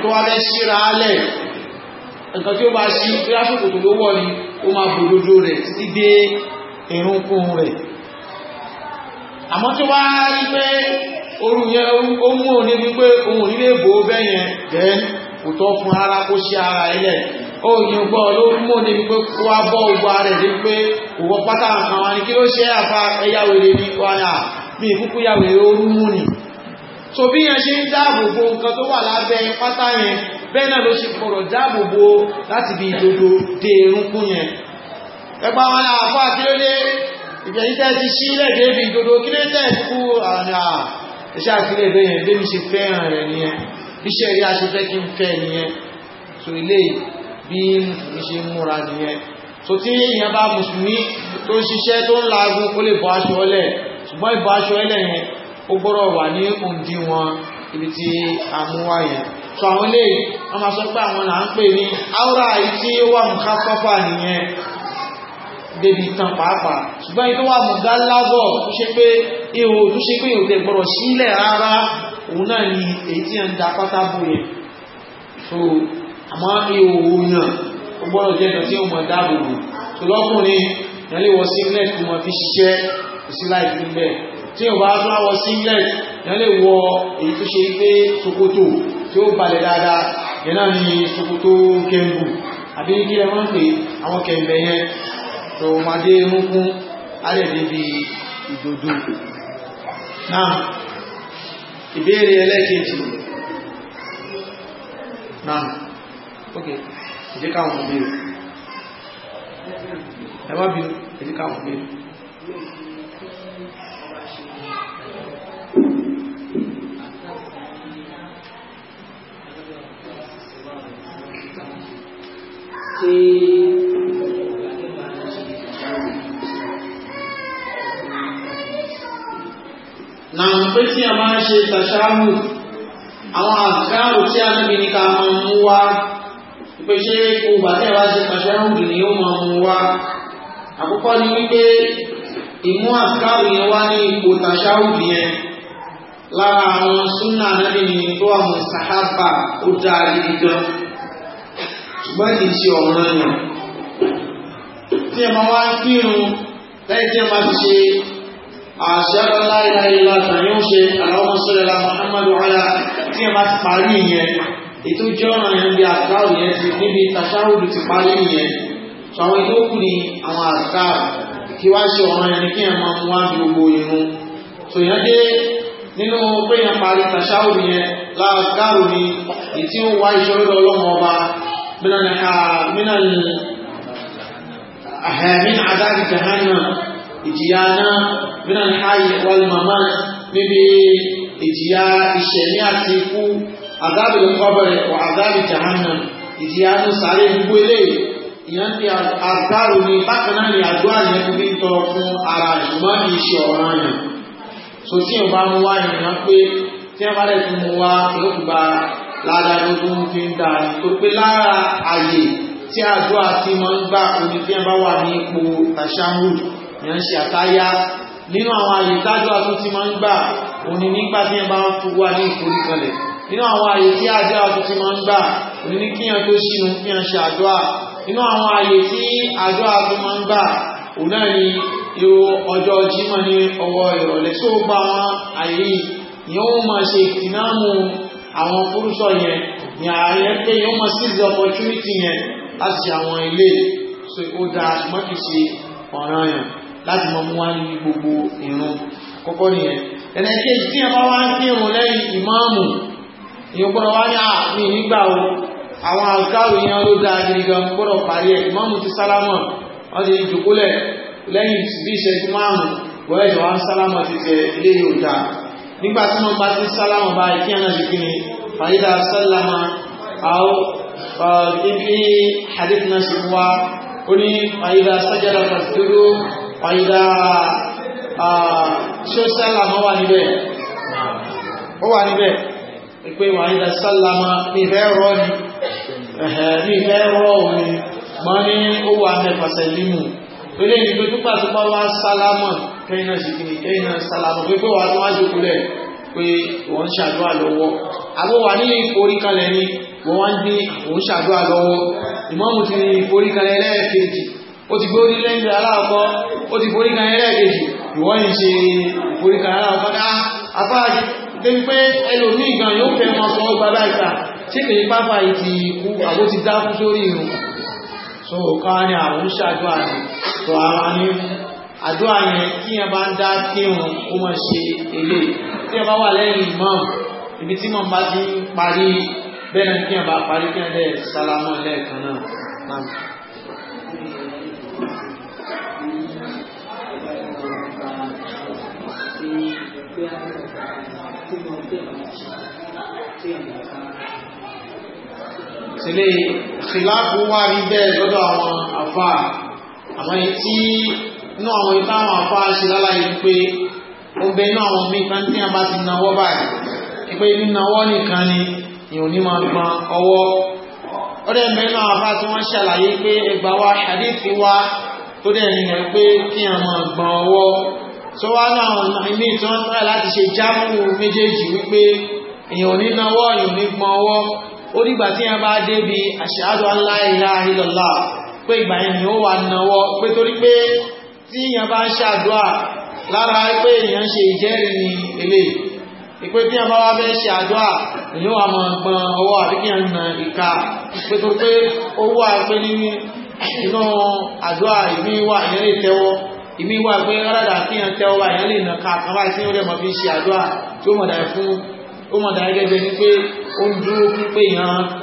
tó wá fẹ́ ṣíra álẹ̀ nǹkan tí ó bá ṣí lásìkò tó ló wọ̀ ni ó máa bòdodo rẹ̀ sí dé ìrúnkún rẹ̀ àmọ́ tó wá rí pé orú yẹn ó mú òní wípé ohun ilé ìbò bẹ́yẹn gẹ́ẹ́n kò fún ara kó sí ara ilẹ̀ ó yìn gbọ́ ló mú òní wípé kó wá bọ́ ogun ara rẹ̀ wípé òwò pátá àwọn ni kí ló ṣe àfa ẹyáwèrè ní wáyà bí ìkúkú yàwèrè ó mú ni so bí yẹn ṣe ń dáàbòbò nǹkan tó wà lábẹ́ pátá yẹn bẹ́ẹ̀ náà ló ṣe kọ̀rọ̀ dáàbòbò láti bí ìdodo dé erunkún yẹn ẹgbà wọn ni àfọ́ àkílódé ìgbẹ̀yìntẹ́ ti sí lẹ́gbẹ̀ẹ́ ibi ìdodo kílódé kú àmì à iṣẹ́ àkílẹ̀ ìbẹ̀ yẹn bí mi ṣe fẹ́ràn rẹ̀ nìyẹn iṣẹ́ rí aṣe fẹ́ kí n fẹ́ nìyẹn so ilé bí mi ṣe múra nìyẹn so tí èèyàn bá mùsùlùmí tó ń ṣiṣẹ́ tó ń laagun ó gbọ́dọ̀ wà ní òǹdíwọ̀n ibi tí a mú wá yẹn so àwọn ilé wọn máa sọ pé àwọn là ń pè ní áwúrà yìí tí ó wà nǹkan fọ́fà nìyẹn débi tán pàápàá ṣùgbọ́n ibi tó wà mọ̀gá lábọ̀ ṣe pé ihò tó ṣe pé ihò tẹ̀ sílẹ̀ rárá òun náà ni èyí tí ń da pátá bò yẹn so àmọ́ ihò òyàn ó gbọ́dọ̀ jẹ́ ìtàn tí ó mọ̀ dáàbò bò so lọ́kùnrin ìyẹn lè wọ sí ilẹ̀ tó mọ̀ fi ṣiṣẹ́ kò sí láì fi bẹ́ẹ̀ tí ò bá tún àwọ̀ singlet yẹn lè wọ èyí tó ṣe pé ṣòkòtò tí ó balẹ̀ dáadáa yẹn náà ni ṣòkòtò kẹmbù àbí kí ẹ máa pè àwọn kẹmbẹ̀ yẹn tó dé múkún náà ṣe na pé tí a máa ń ṣe tàṣáàmù àwọn àkáàrù tí a níbi ní ká máa mú wá pé ṣé kò bà tí a bá ṣe tàṣáàmù ni ó máa mú wá àkọ́kọ́ ni wípé ìmú àkáàrù yẹn wá ní ipò tàṣáàmù yẹn lára àwọn súnà náà ni tó àwọn sàhábà ó dáa gidi gan ṣùgbọ́n kì í ṣe ọ̀ràn yàn tí ẹ máa wá kírun lẹ́yìn tí ẹ máa ti ṣe àṣẹ́rọ láìláìlá tàbí ó ṣe àwọn sọ́lẹ̀lá Muhammadu ala tí ẹ máa ti parí ìyẹn ètò jẹ́ ọ̀ràn yẹn bí àṣàrò yẹn ti níbi tàṣàròdù ti parí ìyẹn tó àwọn ètò kù ní àwọn àṣàrò kí wá ṣe ọ̀ràn yẹn ni kí ẹ máa mú wá gbogbo ìrun tó yẹn dé nínú pé yẹn parí tàṣàròdù yẹn láàṣàrò ni ètí ó wá ìṣòro ọlọ́mọ من من ال من عذاب جهنم ìjìyàna من الحي والممات níbi ìjìyà ìṣẹ̀mí àti ikú عذاب القبر وعذاب جهنم ìjìyàna sáré gbogbo ilé ìyẹn ti àdárò ní bákan náà ní àdúrà yẹn fi ń tọrọ fún ara ṣùgbọ́n kì í ṣe ọ̀ràn tí ò wá ìrìnà pé tí ẹ bá lè fún mu wá ìlú kù ládàá tó ń fi ń dà ní tó pé lára àyè tí àdúrà tí wọ́n ń gbà omi bí wọ́n bá wà ní ipò tàṣáhùd ní wọ́n ń ṣe àtáyá nínú àwọn àyè tádùá tó ti máa ń gbà òní nígbà tí wọ́n bá ń fún wa ní ìforíkanlẹ̀ nínú àwọn àyè tí àdúrà tó ti máa ń gbà òní ní kíyàn tó ṣínú kíyàn ṣe àdúrà nínú àwọn àyè tí àdúrà tó máa ń gbà òun náà ni yóò ọjọ́ jímọ̀ ní ọwọ́ ìrọ̀lẹ́ tó gba àwọn àyè yìí ìyẹn ó máa ṣe ìtìnáàmù àwọn fúrúsọ yẹn ni ààrẹ pé yóò mọ̀ seize opportunity yẹn láti àwọn ilé so ó da ṣùgbọ́n kì í ṣe ọ̀ràn yẹn láti mọ̀ mú wá ní gbogbo ìrun kọ́kọ́ nìyẹn ẹnìkejì tí ẹ bá wá ń kírun lẹ́yìn ìmáàmù ìyẹn gbọ́dọ̀ wá ní àmì nígbà wo àwọn àgbáwò yẹn ló dáa gidi gan gbọ́dọ̀ parí ẹ̀ ìmáàmù ti sálámà wọ́n ti jòkólẹ̀ lẹ́yìn ìṣẹ́jú márùn wọ́n ẹ̀jọ̀ wá ń sálámà ti jẹ ilé yóò dáa nígbà tí wọ́n bá ti sálámà bá ikí àná sí kíni fàyídà sálámà àwọn ibi hadith náà sì wá ó ní fàyídà sájára fàṣídúró fàyídà ṣó sálámà wà níbẹ̀ ó wà níbẹ̀ pé fàyídà sálámà ní ìfẹ́ rọ́ ni ní ìfẹ́ rọ́ òní mọ́ kẹ́yìn náà sì kìíní kẹ́yìn náà sàlàmù pé pé wà ló wá jókòó lẹ̀ pé wọ́n ń ṣàdúrà lọ́wọ́ àbọ̀ wà ní ìforíkalẹ̀ ni wọ́n wá ń gbé òun ṣàdúrà lọ́wọ́ ìmáàmù ti ní ìforíkalẹ̀ lẹ́ẹ̀kejì ó ti gbé onílẹ̀ ń bẹ aláàkọ́ ó ti foríkalẹ̀ lẹ́ẹ̀kejì ìwọ́n ń ṣe ìforíkalẹ̀ aláàkọ́ dá apá débi pé ẹlòmíì gan yóò fẹ́ wọn sọ ọgbà láìka tí kìí pápá ìtì ikú àbó ti dákú àdúrà yẹn tí yẹn bá ń dá kírun ó mọ̀ ṣe èlé tí yẹn bá wà lẹ́yìn imam ibi tí mọ̀ bá ti ń parí bẹ́ẹ̀ ni kí yẹn bá parí kí yẹn dẹ̀ sálámọ̀ lẹ́ẹ̀kan náà. Sílé ìkìlá kó wá rí bẹ́ẹ̀ lọ́dọ̀ àwọn àfáà, àwọn tí inú àwọn ìta àwọn afá ṣe láláyé pé ó bẹ inú àwọn míì tí a bá ti nawọ́ báyìí pé nínawọ́ nìkan ni ìhò ní máa gbọn ọwọ́ ó dẹ̀ bẹ inú àwọn tí wọ́n ṣàlàyé pé ẹgbà wa hadithi wa tó dẹ̀ ní kí máa gbọn ọwọ́ tó wá ní àwọn tí wọ́n láti méjèèjì wípé ní ọwọ́ ó dìgbà tí èèyàn bá ń ṣàdúà lára pé èèyàn ṣe ìjẹ́rìí ni ilé ìpé tí èèyàn bá wá fẹ́ ṣe àdúà èèyàn wà máa ọwọ́ àbí na ìka pé tó pé owó àpé nínú inú àdúà ìmí wà èèyàn lè tẹ́wọ́ ìmí wà pé rádà kí èèyàn tẹ́wọ́ èèyàn lè nà ká kan báyìí tí ó rẹ̀ mọ́ fi ṣe àdúà tí ó mọ̀ dáì fún ó mọ̀ dáì gẹ́gẹ́ ní pé ó ń dúró fún pé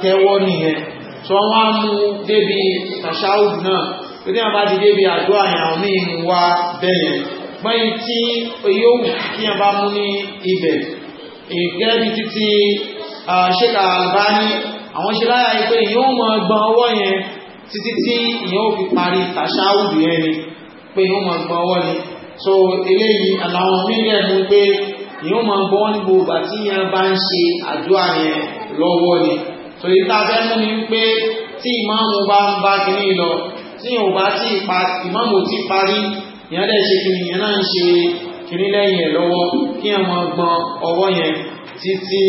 tẹ́wọ́ nìyẹn tí wọ́n wá mú débi tàṣáwù náà tó ní àbá ti débi àjọ àyàn ní ìmú wa bẹ̀yẹn gbọ́yìn tí yóò wù kí a bá mú ní ibẹ̀ ìgẹ́bí títí ṣéka àbá ní àwọn ṣe láyà pé yóò mọ gbọ́n ọwọ́ yẹn títí tí yóò fi parí tàṣáwùdù yẹn pé yóò mọ gbọ́n ọwọ́ ni so eléyìí àtàwọn mílíọ̀n mú pé yóò mọ gbọ́n ní gbogbo àti yẹn bá ń ṣe àdúrà yẹn lọ́wọ́ ni so ìta fẹ́ mú ni pé tí ìmáàmù bá ń bá kiri lọ tí yóò bá tí ipa ìmáàmù ti parí ìyẹn dẹ̀ ṣe kí nìyẹn náà ń ṣe kìíní lẹ́yìn ẹ̀ lọ́wọ́ kí ẹ̀ máa gbọn ọwọ́ yẹn títí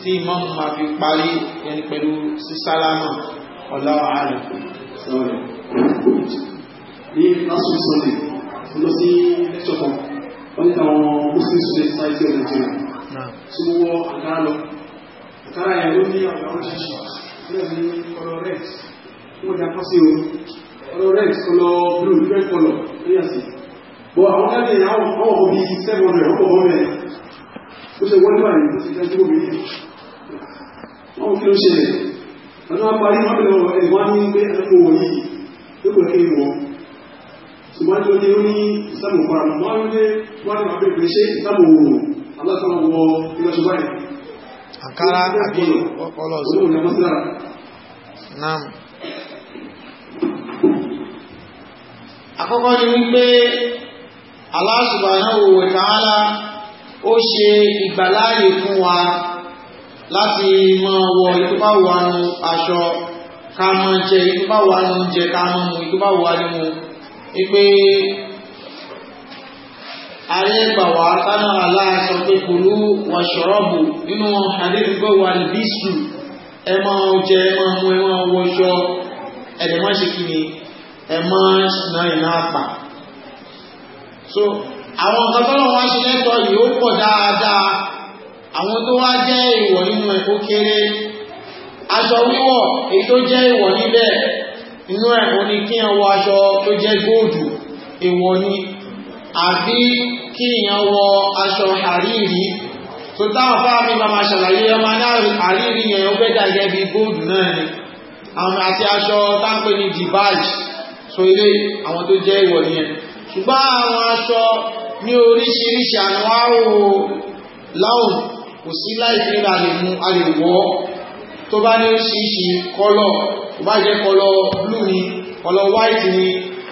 tí ìmáàmù máa fi parí ẹni pẹ̀lú sísálámà ọ̀làwà rẹ̀. ní lásìkò ní àwọn muslim student society ní ọ̀rọ̀ rẹ̀ wọ́n dá pọ́ sí o ọlọ́rẹ́ ìsọ́lọ blue fẹ́ kọlọ̀ ní àṣì bọ́ àwọn ẹgbẹ̀ àwọn ọmọ bí 700 ọkọ̀ ọmọ ẹ̀ ó ṣe wọ́n níwà ní ó ti tẹ́jú omi wọ́n kí ló ṣẹlẹ̀ ọdún apárí mọ́bìnrin ẹ̀wọ́n ní pé ẹ̀kọ́ wọ̀nyí tó kò kí wọ́n ṣùgbọ́n tó ní ó ní ìsàmù fara wọ́n ń gbé wọ́n ní wàbí pé ṣe ìsàmù òòrùn alákan wọ ìlọ́ṣọ́ báyìí àkọ́kọ́ ni wípé Allah subhanahu wa ta'ala ó ṣe ìgbàláyè fún wa láti máa wọ ìtúbáwánu aṣọ ká máa jẹ ìtúbáwánu jẹ ká máa mu ìtúbáwánu mu wípé ayé gbà wá tánà aláàṣọ pé kulu washrabu nínú hadith gbọ́ wà ní bíṣù ẹ máa jẹ ẹ máa mu ẹ máa wọṣọ ẹ̀dẹ̀ má ṣe kí ni ẹ mọ́ ṣìnà iná àpà so àwọn nǹkan tó lọ́wọ́ ṣe lẹ́tọ̀ yìí ó pọ̀ dáadáa àwọn tó wá jẹ́ ìwọ̀ nínú ẹ̀ ó kéré aṣọ wíwọ̀ èyí tó jẹ́ ìwọ̀ níbẹ̀ inú ẹ̀ ó ní kí ẹ̀ wọ aṣọ tó jẹ́ góòdù ìwọ̀ ni àbí kí èèyàn wọ aṣọ àríìrí tó táwọn fáàmì bá máa ṣàlàyé ọmọ àríìrí yẹn ó bẹ́ dàgẹ́ bí góòdù náà ni àti aṣọ táǹpẹ́ ní dìbáàjì so ilé àwọn tó jẹ́ ìwọ̀ nìyẹn ṣùgbọ́n àwọn aṣọ ní oríṣiríṣi àwọn àwò láwùn kò sí láìpẹ́ ra lè mú a lè wọ́ tó bá ní oríṣiríṣi kọ́lọ̀ kò bá jẹ́ kọ́lọ̀ blue ni kọ́lọ̀ white ni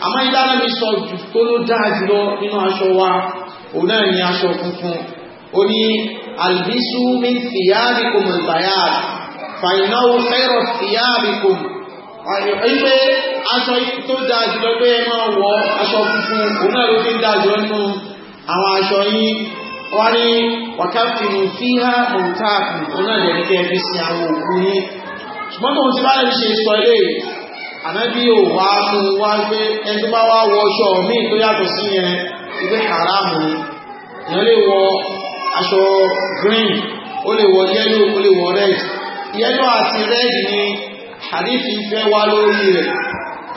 àmọ́ ìdáná mi sọ jù tó ló dáa jùlọ nínú aṣọ wa òun náà ni aṣọ funfun ó ní albisu min thiyabikum albayad fa innahu khayru thiyabikum àyẹ̀wò aṣọ tó dáa jùlọ pé ẹ máa wọ aṣọ funfun òun náà ló fi ń dáa jùlọ nínú àwọn aṣọ yìí wọ́n ní wàkàtìrì fíhá mọ̀tàkì òun náà lè ríkẹ́ fi sin àwọn òkú ní ṣùgbọ́n tó ń ti ṣe sọ ilé ànábí ò wá mú wá gbé ẹni bá wá wọ ọṣọ míì tó yàtọ̀ sí yẹn ilé haramu ìyẹn lè wọ aṣọ green ó lè wọ yellow ó lè wọ red yellow àti red ni hadithi fẹ́ wá lórí rẹ̀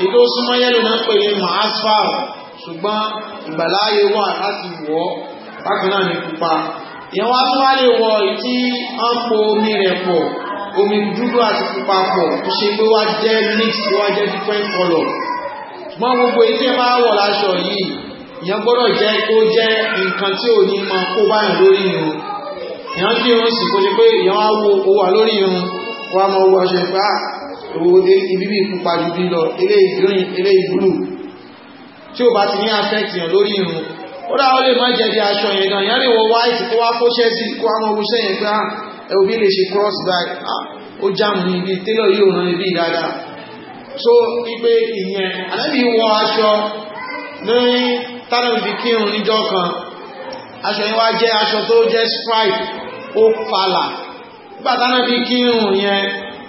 èdè ó súnmọ́ yẹ́lò náà pè ní maasfar ṣùgbọ́n ìgbàláyé wà láti wọ́ bákan náà ní pupa ìyẹn wá tún wá lè wọ ìtí wọ́n po omi rẹ̀ pọ̀ omi dúdú àti pupa pọ̀ ṣe pé wá jẹ́ mix wá jẹ́ different color ṣùgbọ́n gbogbo ìtí ẹ máa wọ̀ láṣọ yìí ìyẹn gbọ́dọ̀ jẹ́ kó jẹ́ nǹkan tí ò ní máa kó báyìí lórí irun ìyẹn kí irun sì kó ṣe pé ìyẹn wá wo owó lórí irun wá mọ owó aṣọ ìpá owó ibíbí pupa ju bí lọ eléyìí green eléyìí blue tí ó bá ti ní affect yàn lórí irun ó dáa lè má jẹ́ bí aṣọ yẹn gan yẹn lè wọ white kó wá kóṣẹ́ sí kó wá mọ owóṣẹ́ yẹn pé ah, ẹ̀wò bí lè ṣe cross back ah, ó jáàmù ní ibi télọ̀ yóò rán ibi dáadáa so ipe ìyẹn ànábì wọ aṣọ ní tánàbì kírun níjọ́ kan aṣọ yẹn wá jẹ́ aṣọ tó jẹ́ stripe ó falà nígbà tánàbì kírun yẹn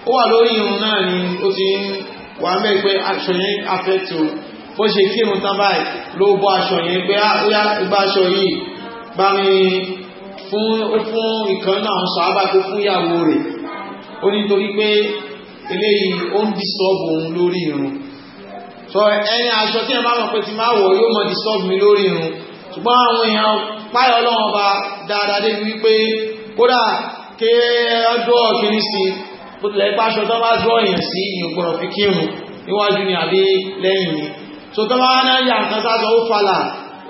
ó wà lórí irun náà ni ó ti ń wà ń bẹ́ẹ̀ pé aṣọ yẹn afẹ́tò bó ṣe kírun tán báyìí ló bọ́ aṣọ yẹn pé ah, ó yá gbá aṣọ yìí bá mi fún ó fún ìkan náà sọ abáko fún ìyàwó rẹ̀ ó nítorí pé eléyìí ó ń disọ́ọ̀bù òun lórí irun sọ ẹni aṣọ tí ẹ bá mọ̀ pé ti máa wọ̀ yóò mọ̀ disọ́ọ̀bù mi lórí irun ṣùgbọ́n àwọn èèyàn páyọ̀ ọlọ́run ọba dáadáa débi wípé kódà kí ọdún ọ̀kìnrin sí i bó tilẹ̀ ipá aṣọ tó bá dúró èèyàn sí ìyẹn gbọ́dọ̀ fi kírun níwájú ni àbí lẹ́yìn ni so tó bá wá náà yà nǹkan sásọ ó falà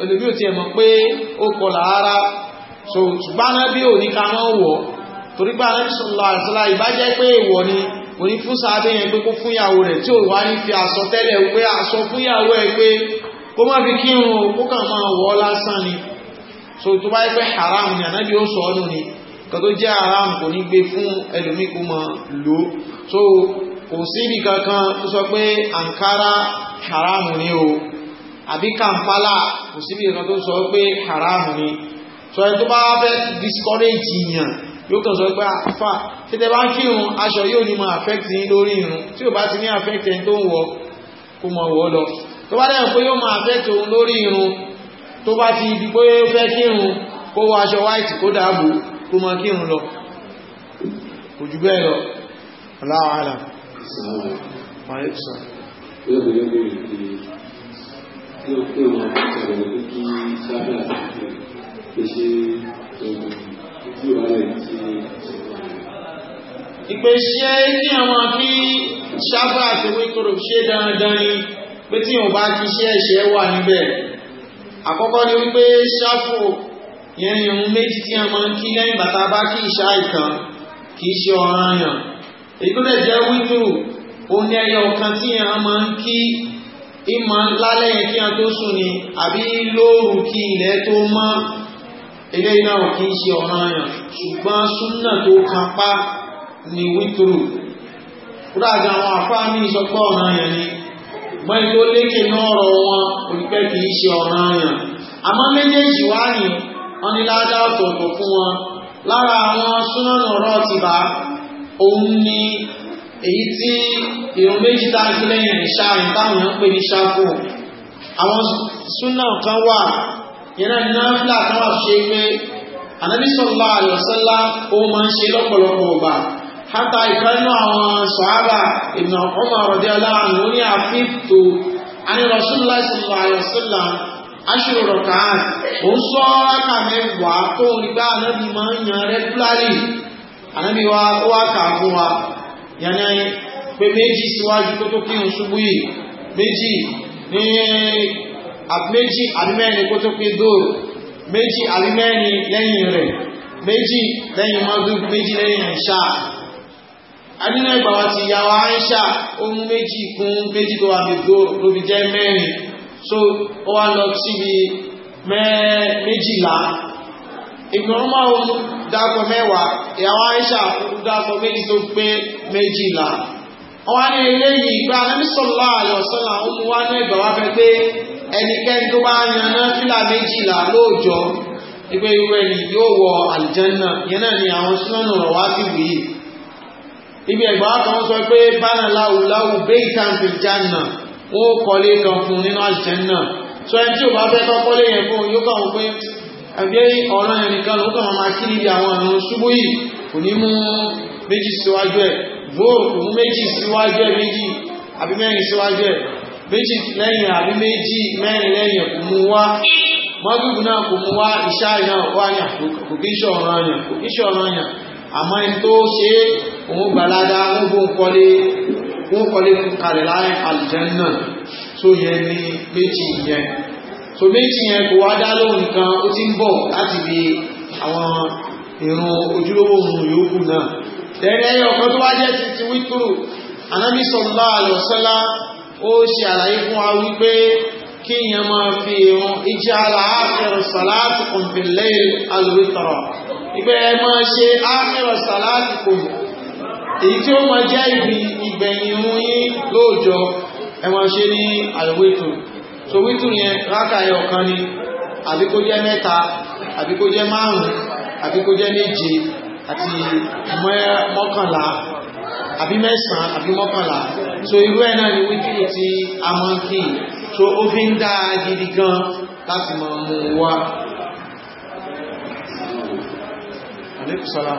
olùbí ò tiẹ̀ mọ̀ pé ó kọlà ara so ṣùgbọ́n náà bí òní ká máa wọ̀ torí pé àwọn ìṣòlá àṣọlá ìbájẹ́ pé èèwọ̀ ni òní fún sábẹ́ yẹn pé kó fúnyàwó rẹ̀ tí ò wá ní fi aṣọ tẹ́lẹ̀ pé aṣọ fúnyàwó ẹ̀ pé kó má fi kírun kó kàn máa wọ̀ lásán ni so tó bá yẹ pé haram ni ànábì ó sọ ọ́ nù ni kan tó jẹ́ haram kò ní gbé fún ẹlòmí mọ̀ lò so kò síbi kankan tó sọ pé Ankara haram ni o àbí Kampala kò síbi kankan tó sọ pé haram ni so ẹni tó bá fẹ́ discourage yàn yóò kàn sọ pé àfà ah, tètè bá ń kírun aṣọ yóò ní mọ affect yín lórí irun tí ò bá ti ní affect ẹni tó ń wọ kó mọ wọ lọ tó bá dẹ̀ pé yóò mọ affect òun lórí irun tó bá ti di pé ó fẹ́ kírun kó wọ aṣọ white kó dàbò kó máa kí òun lọ kò jù bẹ́ẹ̀ lọ aláwàálà ìpè ṣe kí àwọn fi ṣáfà àti wíkòrò ṣe dandan ni pé tí wọ́n bá ti ṣe ẹ̀ṣẹ̀ wà níbẹ̀ àkọ́kọ́ ni wípé ṣáfò ìyẹn ni ohun méjì tí a máa ń kí lẹ́yìn bàtà bá kí ìṣá ìkan kì í ṣe ọ̀ràn yàn èyí tó dẹ̀ jẹ́ wítìrù òun ni ẹyọ kan tí a máa ń kí ìmọ̀ lálẹ́ yẹn kí a tó sùn ni àbí lóòrù kí ilẹ̀ tó mọ́ eléyìí náà kì í ṣe ọ̀ràn yàn ṣùgbọ́n súnà tó kápá ni wítìrù kúrò àti àwọn àfáà ní ìsọpọ̀ ọ̀ràn yàn ni gbọ́n tó lékè náà ọ̀rọ̀ wọn òpẹ́ kì í ṣe ọ̀ràn yàn àmọ́ méjèèjì wá nìyẹn wọ́n ní ládá ọ̀tọ̀ọ̀tọ̀ fún wọn lára àwọn súnánà ọ̀rọ̀ ti bá òun ni èyí tí ìrun méjì dájú lẹ́yìn ìṣá ìtàwọn èèyàn pè ní ṣáfù àwọn súnà kan wà yẹn náà nílá kan wà ṣe pé ànábì sallallahu alaihi wasallam ó máa ń ṣe lọ́pọ̀lọpọ̀ ọ̀gbà hátà ìkanú àwọn sọ̀hábà Ibn Umar radiyallahu ní àfíìtò àní Rasulullah sallallahu aṣòro kan ó ń sọ ọ́ráka mẹ́wàá tó nígbà anábì máa ń yan rẹ́gúlárì anábì wa ó fún wa pé méjì síwájú tó tó kí n ṣubú yìí méjì ní méjì àbímẹ́rin kó tó pé dóòrò méjì àbímẹ́rin lẹ́yìn rẹ̀ méjì lẹ́yìn mọ́dún méjì lẹ́yìn ẹ̀ṣà wa so ó wá lọ síbi méjìlá Ibn Umar dákọ mẹ́wàá ìyàwó Aisha dákọ méjì tó pé méjìlá ọwá ní ilé yìí gba anẹ́sọ̀lá àlọ́sọ́là ó mú wá ní ìgbà wá fẹ́ pé ẹnikẹ́ni tó bá yan náfìlà méjìlá lóòjọ́ ìpé irú ẹni yóò wọ àlìjẹ́nà yẹn náà ni àwọn súnmọ́nù rọ̀ wá sí wìí ibi ẹ̀gbọ́n kan sọ pé bánà láwùláwù bẹ́ẹ̀ tàǹfì jánà ó kọ́lé kan fún nínú àṣìṣẹ́ náà tó ẹni tí ò bá fẹ́ kọ́ kọ́lé yẹn fún yóò kàn wọ́n pé ẹgbẹ́ ọ̀ràn yẹn nìkan ló kàn máa kí níbi àwọn àrùn ṣubú yìí kò ní mú méjì síwájú ẹ̀ vóò kò mú méjì síwájú ẹ̀ méjì àbí mẹ́rin síwájú ẹ̀ méjì lẹ́yìn àbí méjì mẹ́rin lẹ́yìn kò mú wá mọ́gbìgbù náà kò mú wá ìṣá náà wá ní àkókò kí iṣẹ́ ọ̀ràn yàn kò kí iṣẹ́ ọ̀ràn yàn àmọ́ ẹni tó ṣe òun gbàlada ń kọ́lé wọ́n kọ́lé fún kalẹ̀ láàrin aljanna tó yẹ ní méjì yẹn so méjì yẹn kò wá dá lóhùn nìkan ó ti ń bọ̀ láti fi àwọn ìran ojúlówó ohun yòókù náà tẹ́rẹ́ ọ̀kan tó wá jẹ́ ti ti wítòrò anábì ó èyí tí ó mọ jẹ́ ibi ìgbẹ̀yìn ohun yìí lóòjọ́ ẹwọ́n ṣe ní àlùwítù so wítù yẹn rákàyẹ ọ̀kan ni àbí kó jẹ́ mẹ́ta àbí kó jẹ́ márùn-ún àbí kó jẹ́ méje àti mọ́kànlá àbí mẹ́sàn àbí mọ́kànlá so irú ẹ̀ náà ni wítù ti a máa ń kí so ó fi ń dá gidi gan láti mọ̀ mú wa Aleykum salaam.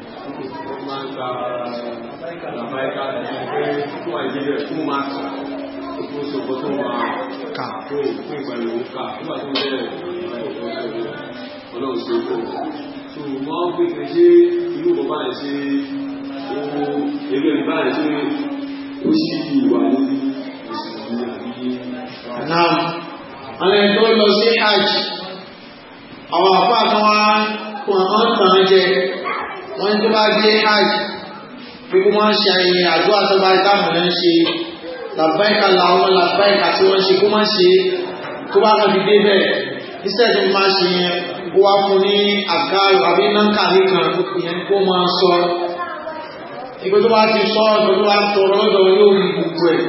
ó máa ń gba àlàbáyíká àti pé fún àìjíríà tó máa kà tó tó ṣòkó tó máa kà tó fún ìpàdé òun kà nígbà tó jẹ́ ọlọ́run ṣe kó ṣùgbọ́n pípẹ́ ṣe inú bọ́bá rẹ̀ ṣe owó eré ìbá rẹ̀ ṣe ó àwọn àpá kan wá àwọn kan jẹ wọ́n tó bá gbé hajj pé kó wọ́n ṣe àyìn àdúrà tó bá dáhùn náà ṣe làbáìkà làwọn làbáìkà tí wọ́n ṣe kó wọ́n ṣe tó bá wọn dìde bẹ́ẹ̀ iṣẹ́ tó máa ṣe yẹn kó wá fún ní àkàrò àbí náǹkà nìkan ìyẹn kó máa sọ ìgbé tó bá ti sọ ọ̀dọ̀ tó bá tọrọ lọ́dọ̀ yóò rí gbogbo ẹ̀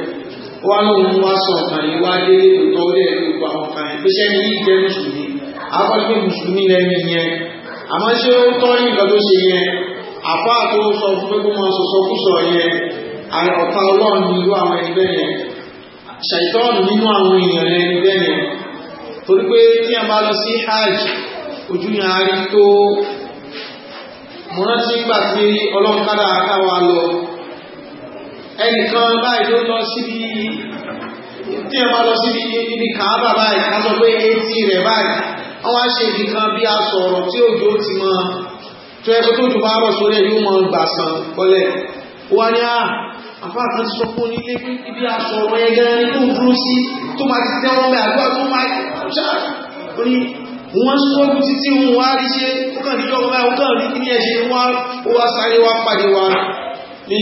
wá lóhun wá sọ ọ̀kan yìí wá dé lóòótọ́ ó dẹ̀ lóòótọ́ àwọn kan yẹn àmọ́ ṣé ó tọ́ ní nǹkan tó ṣe yẹn àpá tó sọ fún pé kó máa sọ̀sọ́ kúsọ̀ yẹn ọ̀tá ọlọ́run nínú àwọn ẹgbẹ́ yẹn ṣàìtọ́ọ̀nù nínú àwọn èèyàn rẹ̀ ẹgbẹ́ yẹn torí pé tí a bá lọ sí hajj ojú ni a rí tó mo rántí gbà tí ọlọ́run káwa lọ ẹnìkan báyìí ló lọ síbi tí a bá lọ síbi ibi kàábà báyìí ká sọ pé etí rẹ̀ báyìí wọ́n wá ṣe ibi kan bí aṣọ ọ̀rọ̀ tí òjò ti mọ́ tó ẹ tó jù bá rọ̀ sórí ẹ̀ yóò mọ gbà san kọ́lẹ̀ wọ́n ní ah, àfáà kan sọ fún ní ilé ibi aṣọ ọ̀rọ̀ yẹn gẹ́gẹ́ ní tó dúró sí tó máa ti tẹ́wọ́n mẹ́ àgbà tó máa ṣáà ní wọ́n sọ́gbù títí wọn wá rí ṣe ó kàn ní jọmọ́ ó kàn ní kíní ẹ̀ṣẹ́ wọ́n wá sáré wá pàdé wa ní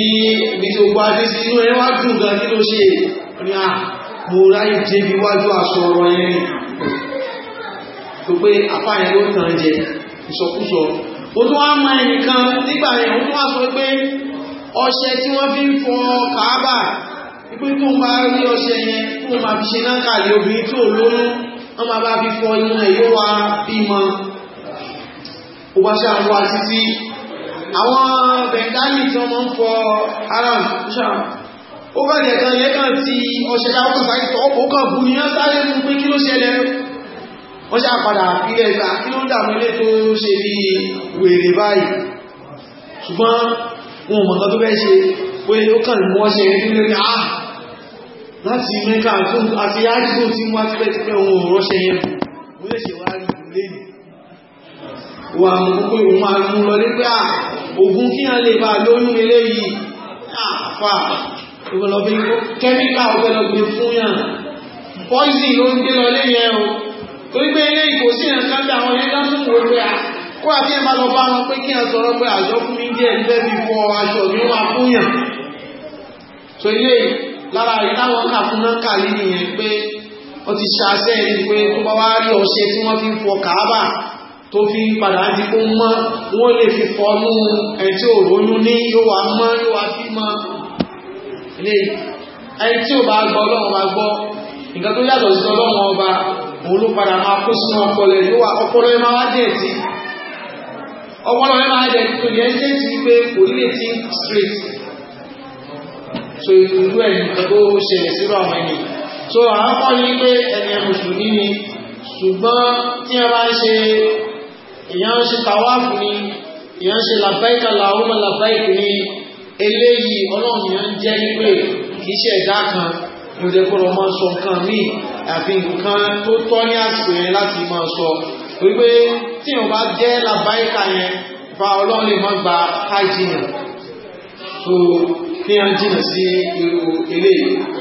ibi tó gbá dé sí inú ẹ̀ wá dùn gan nínú ṣe ní à ah, mo ráyè débi wájú aṣọ yẹn tó pé àfáàyàn ló tàn jẹ ìsọkúsọ ó tún wá mọ ẹnìkan nígbà yẹn ó tún wá sọ pé ọṣẹ tí wọ́n fi ń fọ kàábà wípé tó ń bá rí ọṣẹ yẹn tó máa fi ṣe nákàlẹ obìnrin tó lóyún wọ́n máa bá fi fọ inú ẹ̀ yóò wá bímọ ó bá ṣe àwọn àtìtì àwọn bẹ̀ngáàlì tí wọ́n mọ́ ń fọ ara ṣáà ó bẹ̀rẹ̀ kan yẹ́ kan ti ọṣẹ dáwọ́kọ̀ sáré tọ́ ó kàn bú ní ọ́sáré mú pé kí ló ṣẹlẹ̀ wọ́n ṣá padà ilẹ̀ ìgbà kí ló dàmú ilé tó ṣe bí wèrè báyìí ṣùgbọ́n wọn mọ̀tọ́ tó bẹ́ ṣe pé ó kàn mú ọṣẹ ìrìnlẹ̀ ní àà ah! láti mẹ́kà àti yájúgbò tí wọ́n ti pẹ́ ti pẹ́ ohun òrọ́ṣẹ́ yẹn mú lè ṣe wá rí ilé wà mú pé ah! ah! poison ló ń gbé lọ torí pé ilé ìkò sí ẹ̀sán bí àwọn ilé lásán wò pé à ah, kó àti ẹ̀ máa lọ bá wọn pé kí ẹ̀ sọ̀rọ̀ pé àjọ fún mi jẹ́ ẹ̀fẹ́ fi fọ aṣọ mi wà fún yàn so ilé lára rí táwọn kà fún náà kà yìí nìyẹn pé wọ́n ti ṣàṣẹ ẹni pé tó bá wá rí ọṣẹ tí wọ́n fi ń fọ kàábà tó fi padà di kó mọ́ wọ́n lè fi fọnú ẹni tí ò ronú ní yóò wá mọ́ yóò wá fi mọ́ ilé ẹni tí ò bá gbọ́ ọlọ́run wa gbọ́ nǹkan tó yàtọ̀ sí ọlọ́run ọba òun ló padà máa kó sínú ọpọlọ ẹ̀ ló wà ọpọlọ ẹ̀ máa wá dẹ̀ ọpọlọ ẹ̀ máa dẹ̀ tó yẹ ṣe ti pé kò ní lè ti straight so ìlú ẹ̀ nìkan tó ṣẹlẹ̀ sírò àwọn ẹni so à ń kọ́ ni pé ẹni mùsùlùmí ni ṣùgbọ́n tí a bá ń ṣe èèyàn ń ṣe tàwáàfù ni èèyàn ń ṣe làbáìkà làwọn làbáìkù ni eléyìí ọlọ́run yẹn ń jẹ́ nípé kì í ṣe kan mo jẹ́ kó míì àfi nǹkan tó tọ́ ní àsìkò yẹn láti máa sọ wípé tí wọ́n bá jẹ́ làbáyíká yẹn fa ọlọ́run lè máa gba káìjìyàn so kí wọ́n jìnà sí irú ilé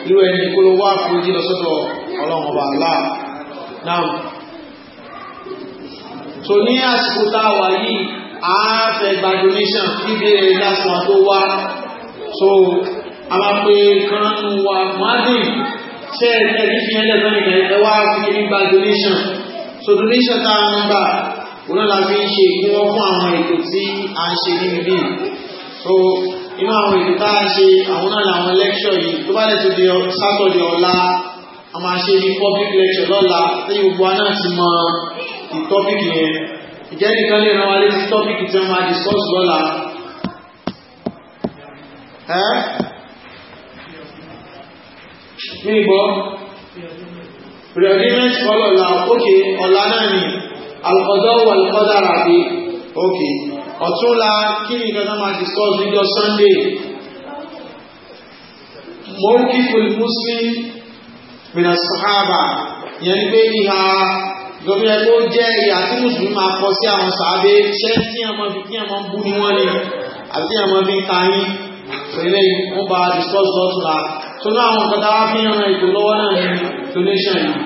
irú ẹni kó ló wá fún jìnà sọ́dọ̀ ọlọ́run ọba Allah náà so ní àsìkò tá a wà yìí a fẹ́ gba donation bíbélì lásán tó wá so a máa pe kan wà mádìí ṣe ẹ̀rí fi ẹlẹ́ lọ́nà ìgbẹ̀rẹ̀ wá fi donation so donation tá number, ń gbà òun la fi ń ṣe ìpínwọ́ fún àwọn ètò tí a ń ṣe nínú bí so inú àwọn ètò tá a ṣe àwọn náà làwọn lecture yìí tó bá lẹ́tọ́ di sátọ̀dẹ̀ ọ̀la a máa ṣe ní public lecture lọ́la lẹ́yìn gbogbo wa náà ti mọ ìtọ́pìkì yẹn ìjẹ́ nìkan lè ràn wá létí tọ́pìkì tí wọ́n máa discuss lọ́la nígbọ́ pre-agreement ọlọ́la òkè ọ̀la náà ni alkọ̀dọ́ wà lọ́kọ́dára bí òkè ọ̀túnla kí ni ìjọba máa discuss níjọ́ Sunday mọ́kífùl muslim mìíràn sàhábà yẹn pé ìhà gọ́bílẹ̀ tó jẹ́ ìhà tí mùsùlùmí máa kọ sí àwọn sàábé ṣẹ́ tí àmọ́ fi kí àmọ́ bú ní wọ́n ni àti àmọ́ fi ń ka yín pẹ̀lẹ́ wọ́n bá discuss lọ́túnla tó náà àwọn ọ̀tọ́ta wá fi ń ran ètò lọ́wọ́ náà ní donation yìí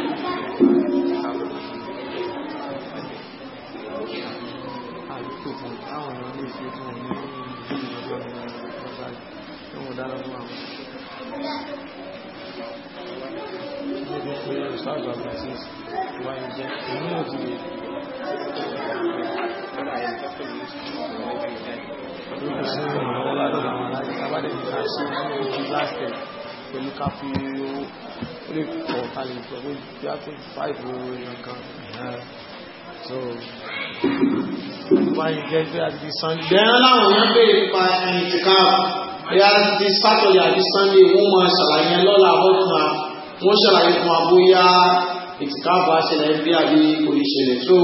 Thank you pẹ̀lú káfí owó ó lè pọ̀ ká lè pọ̀ pé bí a tún five èèyàn kan so wáyé jẹ́ àti sunday. bẹ́ẹ̀ láwọn èèyàn béèrè nípa ìtìká bóyá ti sátọ̀dẹ̀ àti sunday wọ́n máa ṣàlàyé lọ́la ọ̀tún wọ́n ṣàlàyé fún wa bóyá ìtìká bá ṣẹlẹ̀ bí àbí kò ní ṣẹlẹ̀ so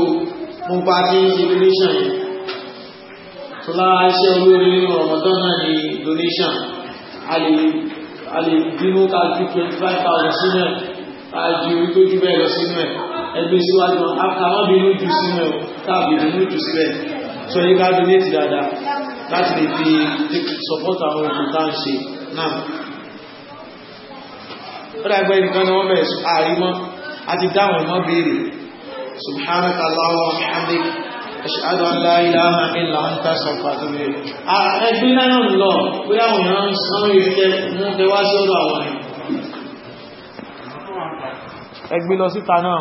mo bá ní donation yẹn tó lára iṣẹ́ olórí nínú Ramadan ni donation a a lè dínú ká ju twenty five thousand sínú ẹ̀ ká ju tó ju bẹ́ẹ̀ lọ sínú ẹ̀ ẹgbẹ́ síwájú wọn àkàwọn bínú jù sínú ẹ̀ káàbì bínú jù sílẹ̀ sọ yí ká dún ní ti dáadáa láti lè fi sọpọ́tà àwọn òkú tá ń ṣe náà ó dàgbẹ́ nìkan ni wọ́n bẹ̀rẹ̀ àrímọ́ àti dáwọn ìmọ̀ béèrè subhanaka Allahumma wa bihamdika أشهد أن لا إله إلا أنت أستغفرك ẹgbẹ́ náà ń lọ pé àwọn èèyàn ń san ìfẹ́ mú tẹwá sí ọ̀dọ̀ àwọn ẹgbẹ́ lọ síta náà